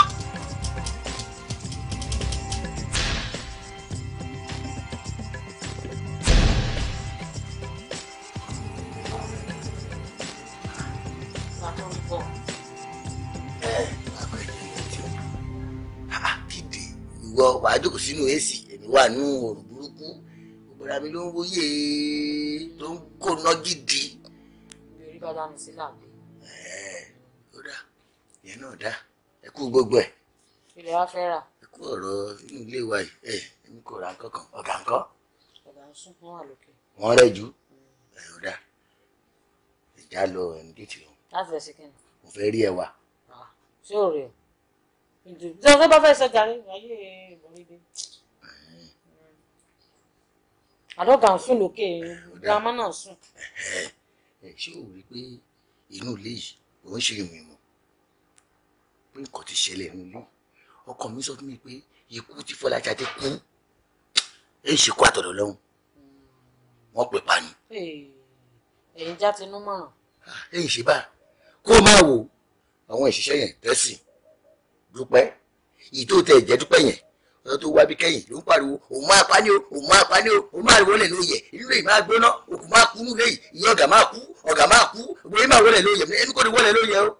sínú èsì èmi wà nínú òrùn burúkú gbogbo ara mi ló ń wòye ló ń kóná gidi. ìbéèrè bá dáni sí làbẹ́. ẹ ó dá ìyẹn náà dá ẹ kú gbogbo ẹ. ilẹ̀ wa fẹ́ rà. ẹ kú ọ̀rọ̀ inú ilé wa yìí ẹ èmi kò ra nǹkan kan ọ̀gá nǹkan. ọ̀gá ń sún fún àlòkè. wọ́n rẹ̀ jù ẹ ó dá ìjà lọ ẹ̀ dìtì o. láti ẹ̀ kí ni. mo fẹ́ rí ẹ wa. Ah, ṣé o rè é ìjọ tó bá fẹ́ sọ jàre ayé ìbòmíde. Eh. àdọ́gà ń sùn lókè eh, girama náà sùn. Eh, ṣé o rí i pé inú ilé yìí òun ṣe ìwìn mọ́ ti ṣẹlẹ̀ nínú ọkọ mi sọ fún mi pé ikú tí Fọláṣadé kú èyí ṣe kó àtọ̀dọ̀ lọ́hùn wọ́n pè pa ni. ẹ̀yin já tinú mọ̀ràn. Ah, ẹ̀yin ṣe bá kó máa wò àwọn ìṣiṣẹ́ yẹn tẹ́sí dúpẹ́ ìtò tẹ ìjẹ́ dúpẹ́ yẹn ọ̀dọ́ tó wá bí kẹ́yìn ló ń pariwo òun máa pa ní o òun máa pa ní o òun máa wọlé ló yẹ inú lè máa gbóná òkú máa kú nílé yìí ìyá ọ̀gá máa kú ọ̀gá máa kú òun máa wọlé ló yẹ ẹnu kò wọlé ló yẹ o.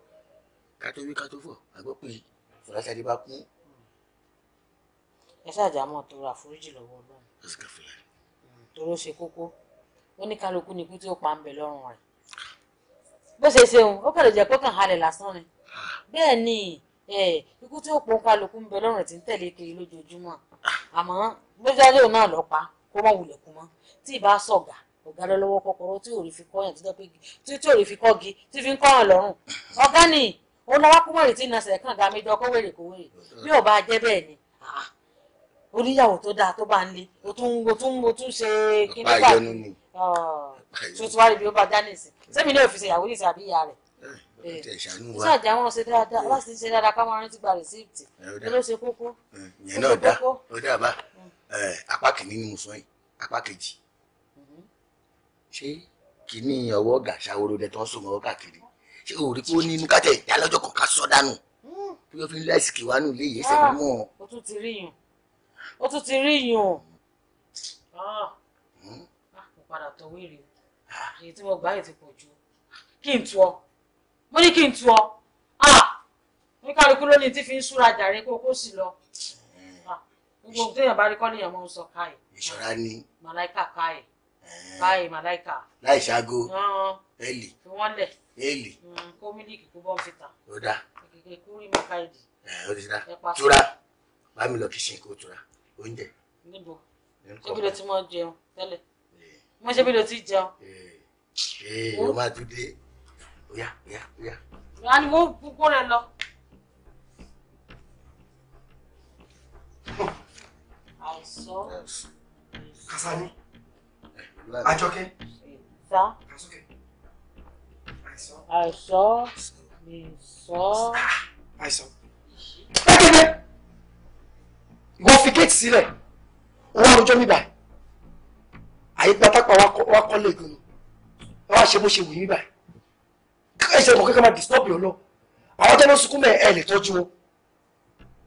kátó wí kátó fọ àgbọ̀ pé fọláṣadé bá kú. ẹ ṣáàjà mọ tọrọ àforíjì lọ́wọ́ Ọlọ́run torí mm, ó ṣe kókó ó ní kálukú ni ikú tí ó pa ń bẹ lọ́rùn rẹ̀ bó ṣe ṣeun ó kàn ni ah. bẹ́ẹ̀ Eh, ikú tí ó pọn kálukú ń bẹ lọ́rùn tí ń tẹ̀lé kiri lójoojúmọ́ àmọ́ gbẹ́jáde òun náà lọ́pàá kó má wulẹ̀ kú mọ́ tí ì bá sọ̀gà ọ̀gá lọ lọ́wọ́ kọ́kọ́rọ́ tí òòrì fi kọ́yàn tí òòrì fi kọ́gi tí fi ń kọ́yàn lọ́rùn ọ̀gá ni òun lọ́wọ́ kú mọ̀rì tí ìnàṣẹ̀ kàn gà mí jọ kó wèrè kó wèrè bí ò bá jẹ́ bẹ́ẹ̀ ni oníyàwó tó dáa tó bá ń lé o tún o tún o tún ṣe kíní pàtó tuntun wá rí bí ó bá dá nìsín sẹ́mi ní òfìsè ìyàwó nìsín àbí ìyá rẹ̀ ìṣàjà eh, wọn ṣe dáadáa eh. láti ṣe dáadáa ká máa rántí gba rìsíìtì eh, ni ló ṣe kókó. ìyẹn náà dá ó dá bá hmm. apá kìíní ni mo sọ yìí apá kejì hmm. ṣé kìíní ọwọ́ gàṣà orodẹ tó ń sọ mọ́ káàkiri ṣé o rí pé ó ní inú kájẹ ìdá lọ́jọ́ kan ká sọ dànù hmm. bí wọ́n fi ń láìsí kí wàá nù lé ìyẹsẹ̀ mímọ́. o tún ti rí yùn o tún ti rí yùn ah. Ah, mo padà tọwé rè é èyí tí mo gbá yìí ti pọ̀ jù kí n tu ọ mo ní kí n tu ọ ah! ní kálukú ló ní tí fi ń súra jàre kó kó sì lọ eh. ah! gbogbo téèyàn bá rí kọ́ níyàn máa ń sọ káyè. ìṣọ́ra ni. màláìkà káyè káyè eh. màláìkà. láì ṣaago ẹlì. fi wọ́n lẹ̀. ẹlì. Mm, kó mílíkì kó bọ́n fìtà. ó dáa. kèké kú rí mẹ́ka ìdì. Eh, ó ti dá tura bá mi lọ kí ṣe kó tura oúnjẹ. níbo ṣé bí lo ti mọ jẹun tẹ́lẹ̀ mo ṣe bí ti jẹun. ee o máa tún dé. Oya, oya, oya. Ìyá ni wọ́n gbogbo rẹ̀ lọ. Àìsàn. Kasani. Àjọkẹ́. Ìta. Àjọkẹ́. Àìsàn. Àìsàn. Ìsàn. Àìsàn. Pẹ́kẹ́pẹ́. Ah, Ìwọ fi kéètì sílẹ̀. Owó àrùjọ mi báyìí. Àyípadà pa wa kọ́lé gan-an. Wọ́n á ṣe bó ṣe wù mí báyìí ẹsẹ̀ mọ̀ kankan máa disturb yọ̀ lọ àwọn tẹ́lẹ̀ sunkún mẹ́ ẹ lè tọ́jú wọn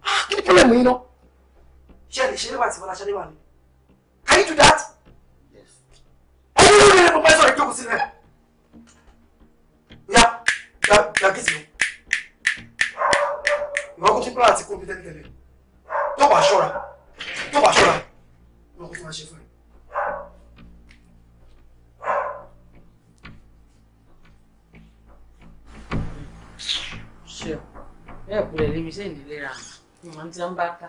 ah, kí ni problem yín náà ṣe lè ṣe nígbà tí wọn aṣáájú wà ní can you do that ọdún yóò lè pọpẹ́ sọ̀rọ̀ ìjókòó sílẹ̀ ya gbàgídì o ìwọ kò tún plan àti kó omi tẹ́lẹ̀ tẹ́lẹ̀ tó bá ṣọ́ra tó bá ṣọ́ra ìwọ kò tún máa ṣe fún ẹ. bẹ́ẹ̀ kúlẹ̀ lébi sẹ́yìn nílera mi mọ̀ ní tí wọ́n bá ká.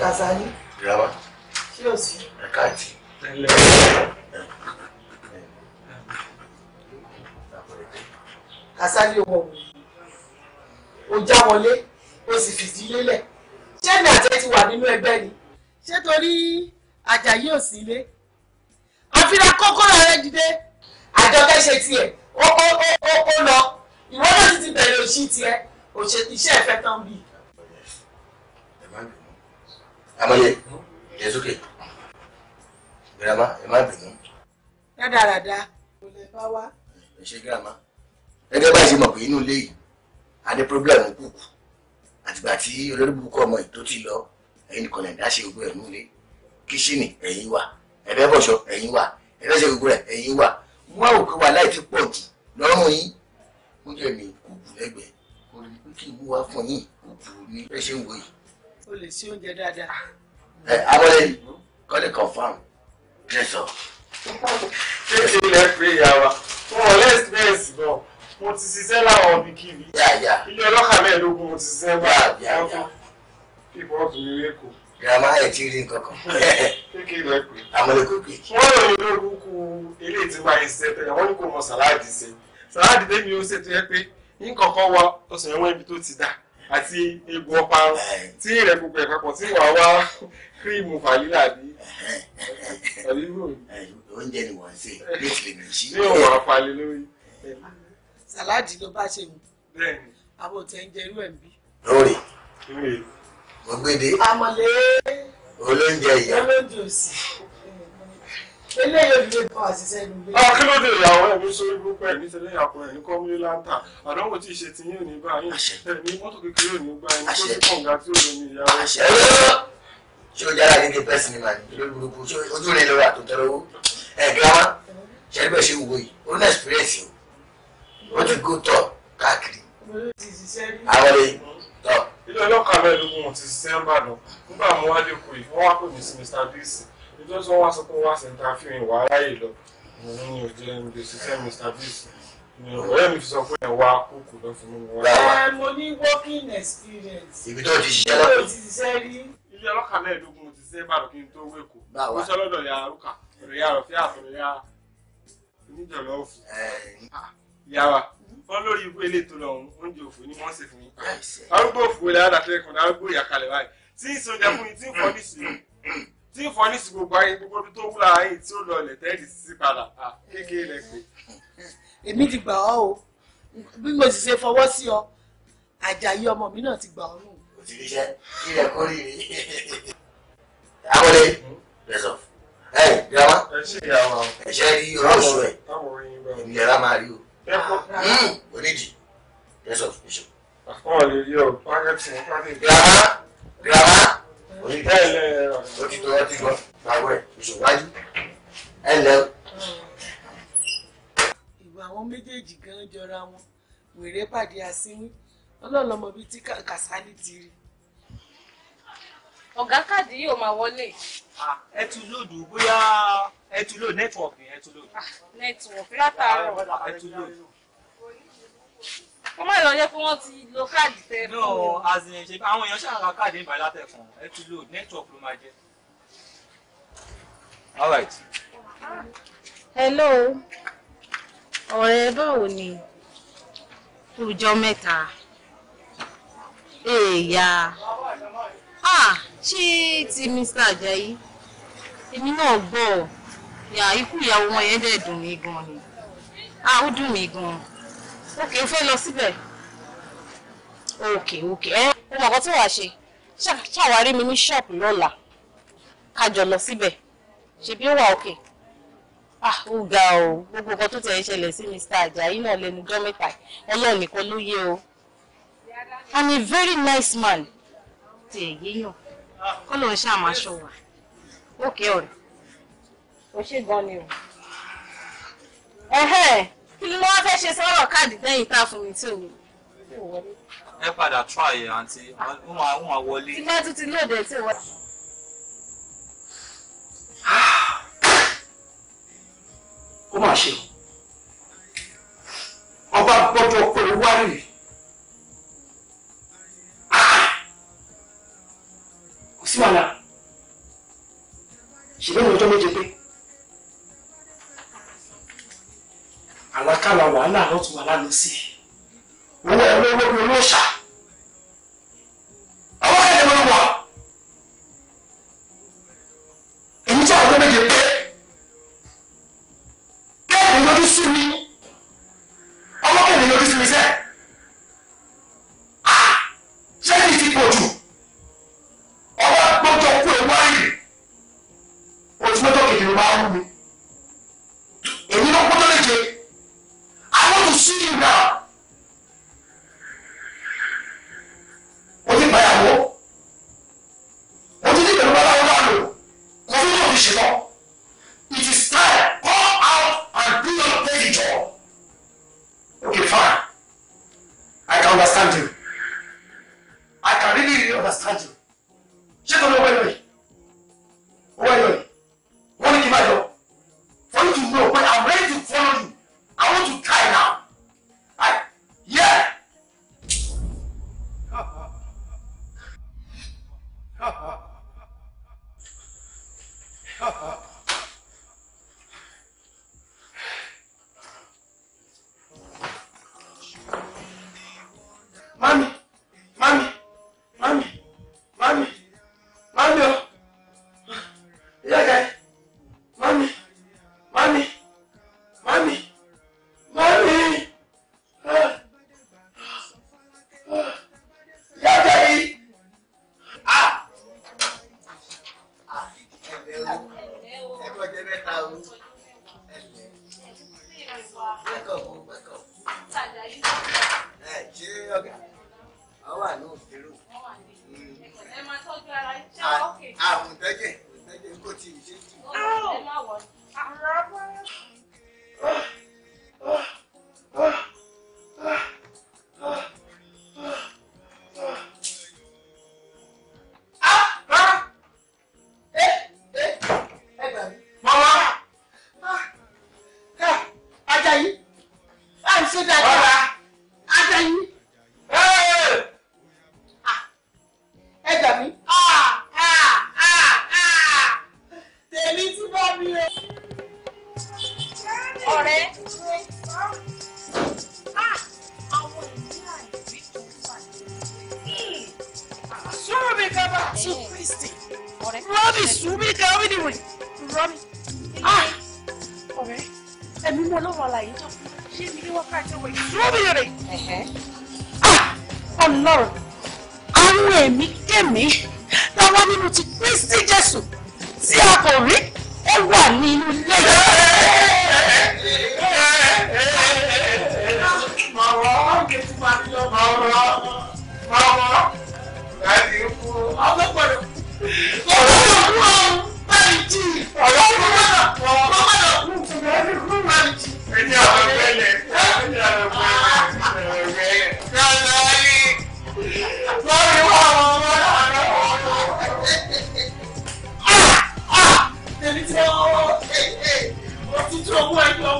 Kasali. Ìràwá. Ṣé o sí? Ẹ̀ka àti. ọmọ wò. O já wọlé, o sì fìdí lélẹ̀. Ṣé èmi àti ẹ ti wà nínú ẹgbẹ́ ni? Ṣé torí Àjàyí ò sí ilé? Àfihàn kókó rẹ̀ dìde àjọkẹ́ ṣe tiẹ̀ ó ó ó ó lọ ìwọ náà ti ti bẹ̀rẹ̀ òṣì tiẹ̀ òṣè iṣẹ́ ẹ̀fẹ́ tán bì. amáyé yẹ sókè girama ẹ má bínú. rádaràda kò lè bá wá. ẹ ṣe girama gẹ́gẹ́ bá ṣe mọ̀ pé inú ilé yìí a ní pírọ́blẹ̀mù kùkù àtìgbà tí olórí ọmọ yìí tó ti lọ ẹ̀yin nìkan lè dá ṣe gbogbo ẹ̀ nílé kíṣìnì ẹ̀yin wà ẹ̀fẹ́ bọ̀ṣọ ẹ̀yin wà ẹ̀fẹ́ ṣe gbogbo ẹ̀ ẹ̀yin wà wọ́n ò pé wàhálà ìfi pọ̀ jù lọ́rùn yín ó yẹ mi kò kù lẹ́gbẹ̀ẹ́ kò rí pé kí ìwú wa fún yín kò kù ní ẹ ń wò o lè ṣe oúnjẹ dáadáa. ẹ abọ́lẹ̀ kọ́lé confam dẹ́sọ̀. ṣé ilẹ̀ pé ìyá wa wọn ò lẹ́sìmẹ́sì náà mo ti ṣiṣẹ́ láwọn ọbí kiri ilé ọlọ́kà mo ti ṣiṣẹ́ bá àwọn fífọ́ ọ̀tún ní èkó girama ẹ ti rí nǹkan kan amúlékòpè. wọ́n lè ní orúkú ilé tí wàá yìí ṣe tẹ̀lé wọ́n ní kò mọ sàláàdì ṣe sàláàdì tẹ́mi ó ṣètò yẹ pé ní kọ̀ọ̀kan wa ọ̀sán yẹn wọ́n ibi tó ti dà àti egbò ọ̀pá tí rẹ̀ gbogbo ẹ̀ papọ̀ tí wàá wá kírìmù fàlílà bí. oúnjẹ ni wọ́n ń ṣe létí lè mí sí. yóò wà falẹ̀ lórí. sàláàdì ló bá ṣe wù. bẹ́ẹ̀ni. àbòtẹ́ ń jẹ irú ẹ̀ ń bí. lórí ògbédè amọ̀lé olóúnjẹ ìyá olóúnjẹ òsì eléyìí olùdó bọ́ àṣìṣe ìlú. ọ kí ló dé ìyàwó ẹ ní sórí gbogbo ẹ ní tẹ́lẹ̀ ìyàpọ ẹ ní kọmílẹ láńtà àdánwò tí ìṣe tiyín ò ní bá yín ẹ ní mọ́tò kékeré ò ní gbá yín kó sí kànga tí ò lómi ìyàwó. ṣé o jára gẹ́gẹ́ pẹ́sì ni màá lórí burúkú ṣé ojú rẹ lọ́wọ́ àtúntẹ́ lọ́wọ́ ẹ̀ gírámà ṣẹ́ni bẹ́ẹ̀ ṣe wò yìí ó ní ẹ̀sìpírẹ́sì o ó ti gò tọ̀ káàkiri. àwọn ilé ọlọ́kàá mẹ́ẹ̀ẹ́dógún wọn ti sin ẹ̀mbàdàn nígbà mo wá lẹ́kọ̀ọ́ yìí wọ́n wá pè mí sí Mr. Bisi ìjọ tí wọ́n wá sọ pé wọ́n wá sí interview wà ráyè lọ òun ni ò jẹ́ ń gbèsè sí Mr. Bisi ọ̀rẹ́ mi fi sọ pé ẹ̀ wá kókò lọ fún mi ẹ mo ní working experience. ibi tó ti ṣiṣẹ́ lọ́dọ̀. ibi tó ti ṣiṣẹ́ rí. ilé ọlọ́kàá mẹ́ẹ̀ẹ́dógún mo ti ṣe ìbàdàn kí n tó wéko. báwa mo ṣe fọ́n lórí ikú elétò lọ́hún oúnjẹ òfò ni wọ́n ṣe fún yín. arúgbó òfò ilẹ̀ alàtẹ̀ kan arúgbó ìyàkalẹ̀ báyìí tí ń sọjà fún yín tí ń fọ́ níṣì tí ń fọ́ níṣì gbogbo ayé gbogbo tó wú lára yìí tí ó lọ ilẹ̀ tẹ́ẹ̀dì sí padà kékeré lẹ pé. èmi ti gbà ọ́ o bí mo sì ṣe fọwọ́ sí ọ àjàyí ọmọ mi náà ti gbà ọ́ nù. o ti ríṣẹ́ kí ilẹ̀ kọ́ rí rí. àkọlé lẹ́sọ̀ ẹ̀ gírámà ẹ̀ṣẹ́ rí ọlọ́sùn ẹ̀ èmi lẹ́ra máa rí o kò nídìí best of bishop. àwọn lè yọ pákẹ́tì wọn ká lè. girama girama onídìí òtítọ́ ọtí lọ gbàgbọ́ ẹ̀ bishop wájú ẹ lẹ́ o. ìwà àwọn méjèèjì gan jọra wọn wèrè pàdé àsínwín ọlọ́ọ̀lọ́mọ bíi tí kàsálí ti rí ọ̀gá káàdì yóò máa wọlé. Ah, ẹ tún lòdù bóyá ẹ tún lò nẹ́tíwọ̀kì yẹn tún lò. Ah, nẹ́tíwọ̀kì látàárọ̀ ẹ tún lò. kó má lọ yẹ kí wọ́n ti lo káàdì tẹ fún mi. no azin ṣe àwọn èèyàn ṣáà ra káàdì ìbàdí látẹ̀kùn ẹ tún lò nẹ́tíwọ̀kì ló máa jẹ́. all right. hello ọ̀rẹ́ báwo ni ọjọ́ mẹ́ta èèyà ah, ṣé ti Mr. Ajayi èmi náà gbọ́ ọ ikú ìyàwó wọn yẹn dẹ̀ dùn mí gan ni ó dùn mí gan òkè o fẹ́ lọ síbẹ̀ òkè òkè ẹ ó mọ̀ nǹkan tí wàá ṣe ṣàwárí mi ní ṣọ́ọ̀pù lọ́la ká lọ síbẹ̀ ṣebí ó wà òkè ó ga o gbogbo nǹkan tó tẹ̀ ń ṣẹlẹ̀ sí Mr. Ajayi náà lẹ́nu jọ́ mẹ́ta ọlọ́run nìkan ló yé o and a very nice man ti ẹ̀yẹ́yàn kọ́ ló ń ṣàmásọ wà ókè ọ̀rẹ́ ó ṣe gan ni o. kí ló wá fẹ́ ṣe sọ́rọ̀ káàdì lẹ́yìn tá a fún mi tí òun. ẹ padà try àǹtí wọ́n máa wọlé. tí bá tún ti lóde tí wọ́n. ó mà ṣe ọba gbọ́dọ̀ pé wárìrì. kò sí wàhálà ṣèlérí ọjọ́ méje pé. àlákàlà wàhálà lọ́tún wàhálà lọ́sẹ̀ owó olówó ni olóòṣà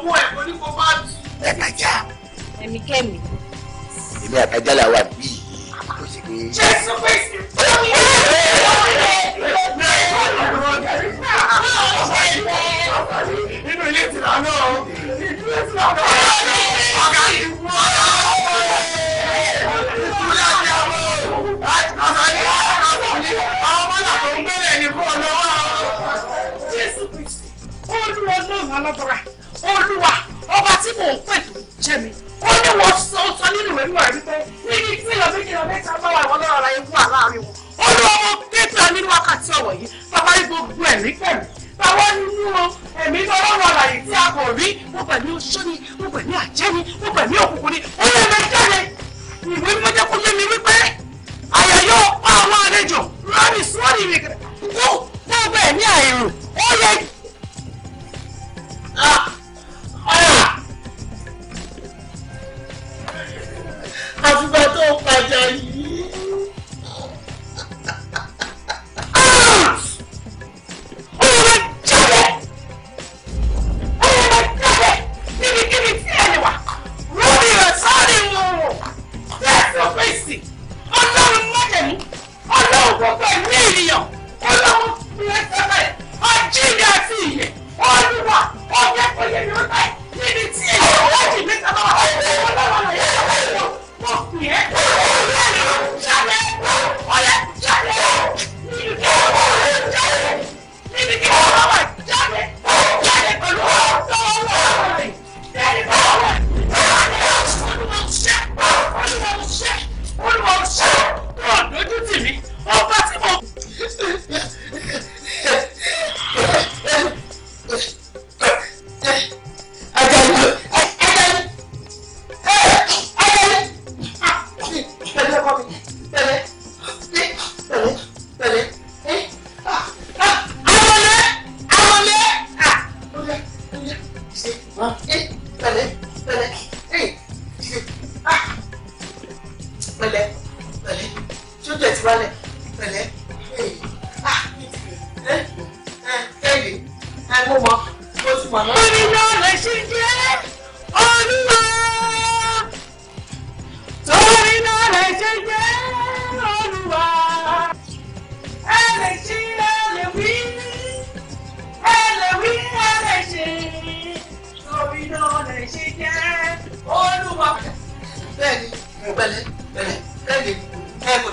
ọwọ́ ẹ̀ kò ní kó bá jù. ẹ máa já. ẹ̀mí kẹ́mi. èmi àtàjà là wà bí kò sí pé. jésù kristu lórí ẹ̀ inú ilé tìlá náà inú ilé tìlá náà ọ̀gá ti fún ọ. ìdúrà ni àwọn àtàlẹ́ àtàlẹ́ àwọn ọmọdé àtọ̀ ń bẹ̀rẹ̀ ní fún ọ lọ́wọ́. jésù kristu ó dúró lóhùn alábọ̀rà olúwa ọba tí mò ń pè jẹ mi ó ní wọ́n sọ sọ nínú ìwé wíwà rí pé níbi tí ìlọ méjì lọ mẹ́ta bá wà wọ́n lọ́rọ̀ ayé wà láàrin wọn ó lọ ọmọ kéèpì nínú wákàtí ọ̀wọ̀ yìí bàbá rí gbogbo ẹ̀mí pẹ̀lú bàbá nínú ẹ̀mí lọ́rọ̀ àlàyé tí a kò rí mo pẹ̀lú oṣó ni mo pẹ̀lú àjẹ́ ni mo pẹ̀lú òkùnkùn ni ó lè mẹ jáde ìwé mímọ́ jẹ́ kó yé mi wípé àyà yóò pa àwọn àlejò rárá ìsúwọ́n ìrìnkìrì kó gbogbo ẹ̀mí àìrò ó yẹ. Ah! àfìgbà tó pàjáyé.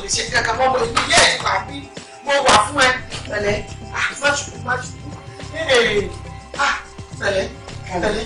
lè ṣe kankan mọ́ mo ní yé ìgbà bí mo wà fún ẹ pẹ̀lẹ́ ah má ṣubú ah, pẹ̀lẹ́ pẹ̀lẹ́.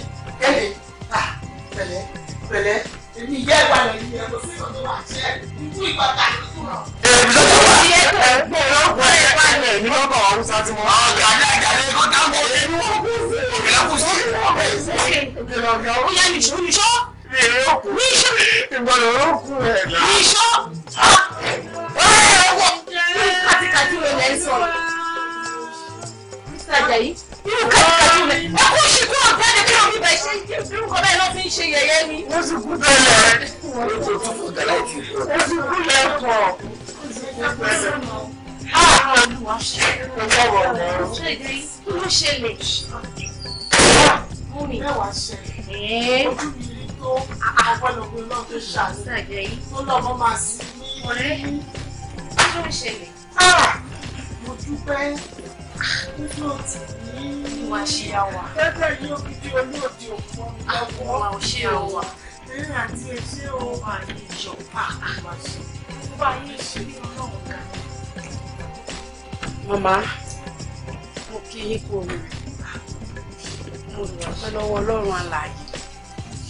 lọ́wọ́ ọlọ́run alààyè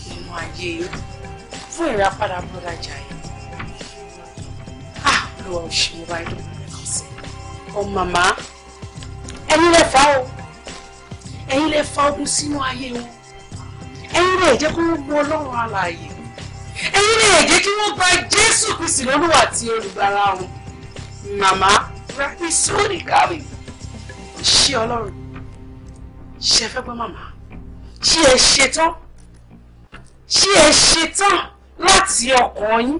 nínú ayé fún ìràpadà bọ́dà jàyè ah olúwa ò ṣe mo bá yín lóko lẹ́kọ̀ọ́ sí ọ màmá ẹ̀yin lè fa o ẹ̀yin lè fa ogun sínú ayé wọn ẹ̀yin lè jẹ́ kó wọ́n mú ọlọ́run alààyè ẹ̀yin lè jẹ́ kí wọ́n gba jésù kristi lọ́lúwa àti olùgbàlà wọn màmá rẹ́pí sórí kárí ṣé ọlọ́run ṣe fẹ́ gbọ́ màmá ṣé ẹ ṣetán ṣé ẹ ṣetán láti ọkàn yín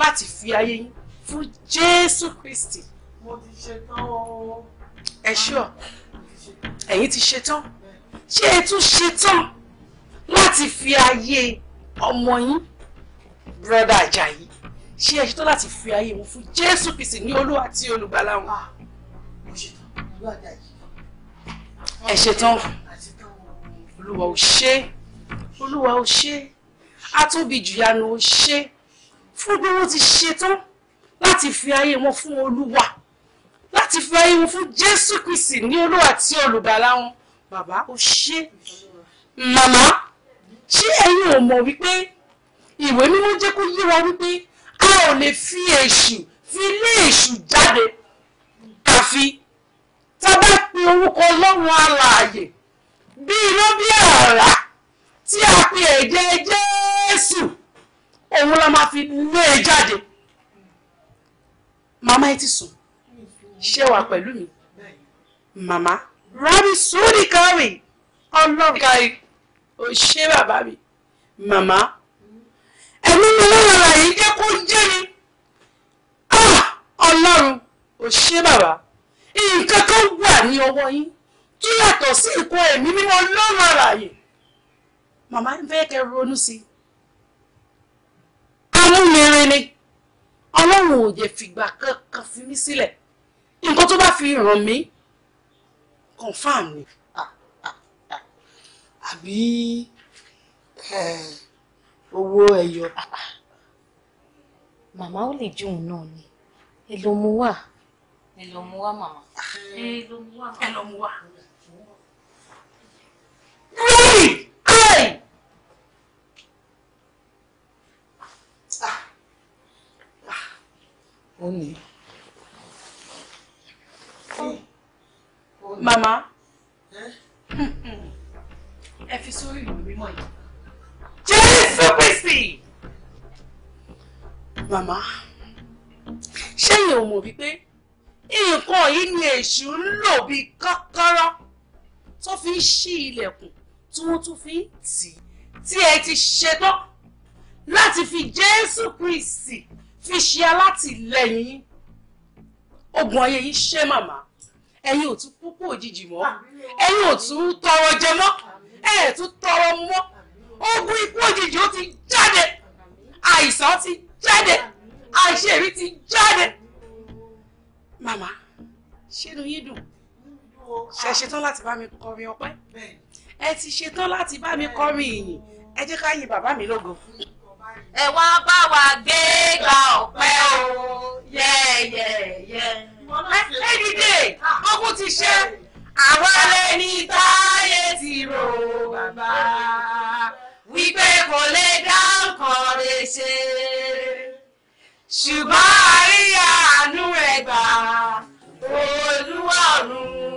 láti fi ayé yín fún Jésù Kristi. mo ti ṣetán o. ẹ ṣọ ẹ̀yin ti ṣetán ṣé ẹ tún ṣetán láti fi ayé ọmọ yín brọ́dà Àjàyí ṣé ẹ ṣetán láti fi ayé wọn fún Jésù Kristi ní Olúwa àti Olùgbàlà wọn. Ah, ẹ ṣetán olúwa ò ṣe olúwa ò ṣe atóbi jùyanu ò ṣe fún bí wọ́n ti ṣe tán láti fi ayé wọn fún olúwa láti fi ayé wọn fún jésù kristi ní olúwa àti olùgbàlà wọn bàbá ò ṣe màmá ṣé ẹ̀yin ò mọ̀ wípé ìwé mímọ́ jẹ́ kó yé wípé a ò lè fi èṣù fi lé èṣù jáde àfi tá a bá pe orúkọ ọlọ́run alààyè bí irú ẹ̀jẹ̀ Jésù òun la máa fi lé e jáde màmá ẹ ti sùn ṣé wà pẹ̀lú mi màmá rábì sórí kárì ọlọ́run kárì ò ṣe bàbá mi màmá ẹ̀mí mi lọ́wọ́ rà yìí jẹ́ kó jẹ́ mi ah, ọlọ́run ò ṣe bàbá nǹkan kan wà ní ọwọ́ yín tó yàtọ̀ sí ìkó ẹ̀mí mímọ́ lọ́wọ́ yìí màmá ń fẹ́ kẹ́ ronú sí i amúmire ni ọlọ́run ò jẹ́ fìgbà kankan fi mí sílẹ̀ nǹkan tó bá fi ràn mí confam ni ah, ah, ah. àbí owó ẹyọ. màmá ò lè jóun náà ni ẹ lọ mú wá ẹ lọ mú wá màmá ẹ lọ mú wá. òní. màmá eh? hm, hm. ẹ fi sórí ìlú mímọ́ yìí. jésù kristi. màmá ṣé èèyàn ò mọ̀ wípé nǹkan yìí ni èṣù ń lò bíi kọ́kọ́rọ́ tó fi ń ṣí ilẹ̀kùn tí wọ́n tún fi ń tì í tí ẹ ti ṣetán láti fi jésù fi ṣe alátìlẹyìn yín ogun ayé yín ṣe màmá ẹ̀yin ò tún púpọ̀ òjijì mọ́ ẹ̀yin ò tún tọrọ jẹ mọ́ ẹ ẹ tún tọrọ mọ́ ogun ikú òjijì ó ti jáde àìsàn ti jáde àìṣèrí ti jáde màmá ṣẹ́nu yín dùn ṣe ṣetán láti bá mi kọrin ọpẹ́ ẹ ti ṣetán láti bá mi kọrin ìyìn ẹ jẹ́ ká yin bàbá mi lógo ẹ wá bá wa gbé gba ọpẹ́ o yẹ́yẹ́yẹ́ ẹni dé ogun ti ṣe àwa lẹni táyé ti rò bàbá wípé kò lè dá nǹkan lè ṣe ṣùgbọ́n àríyá àánú rẹ̀ gbà olúwa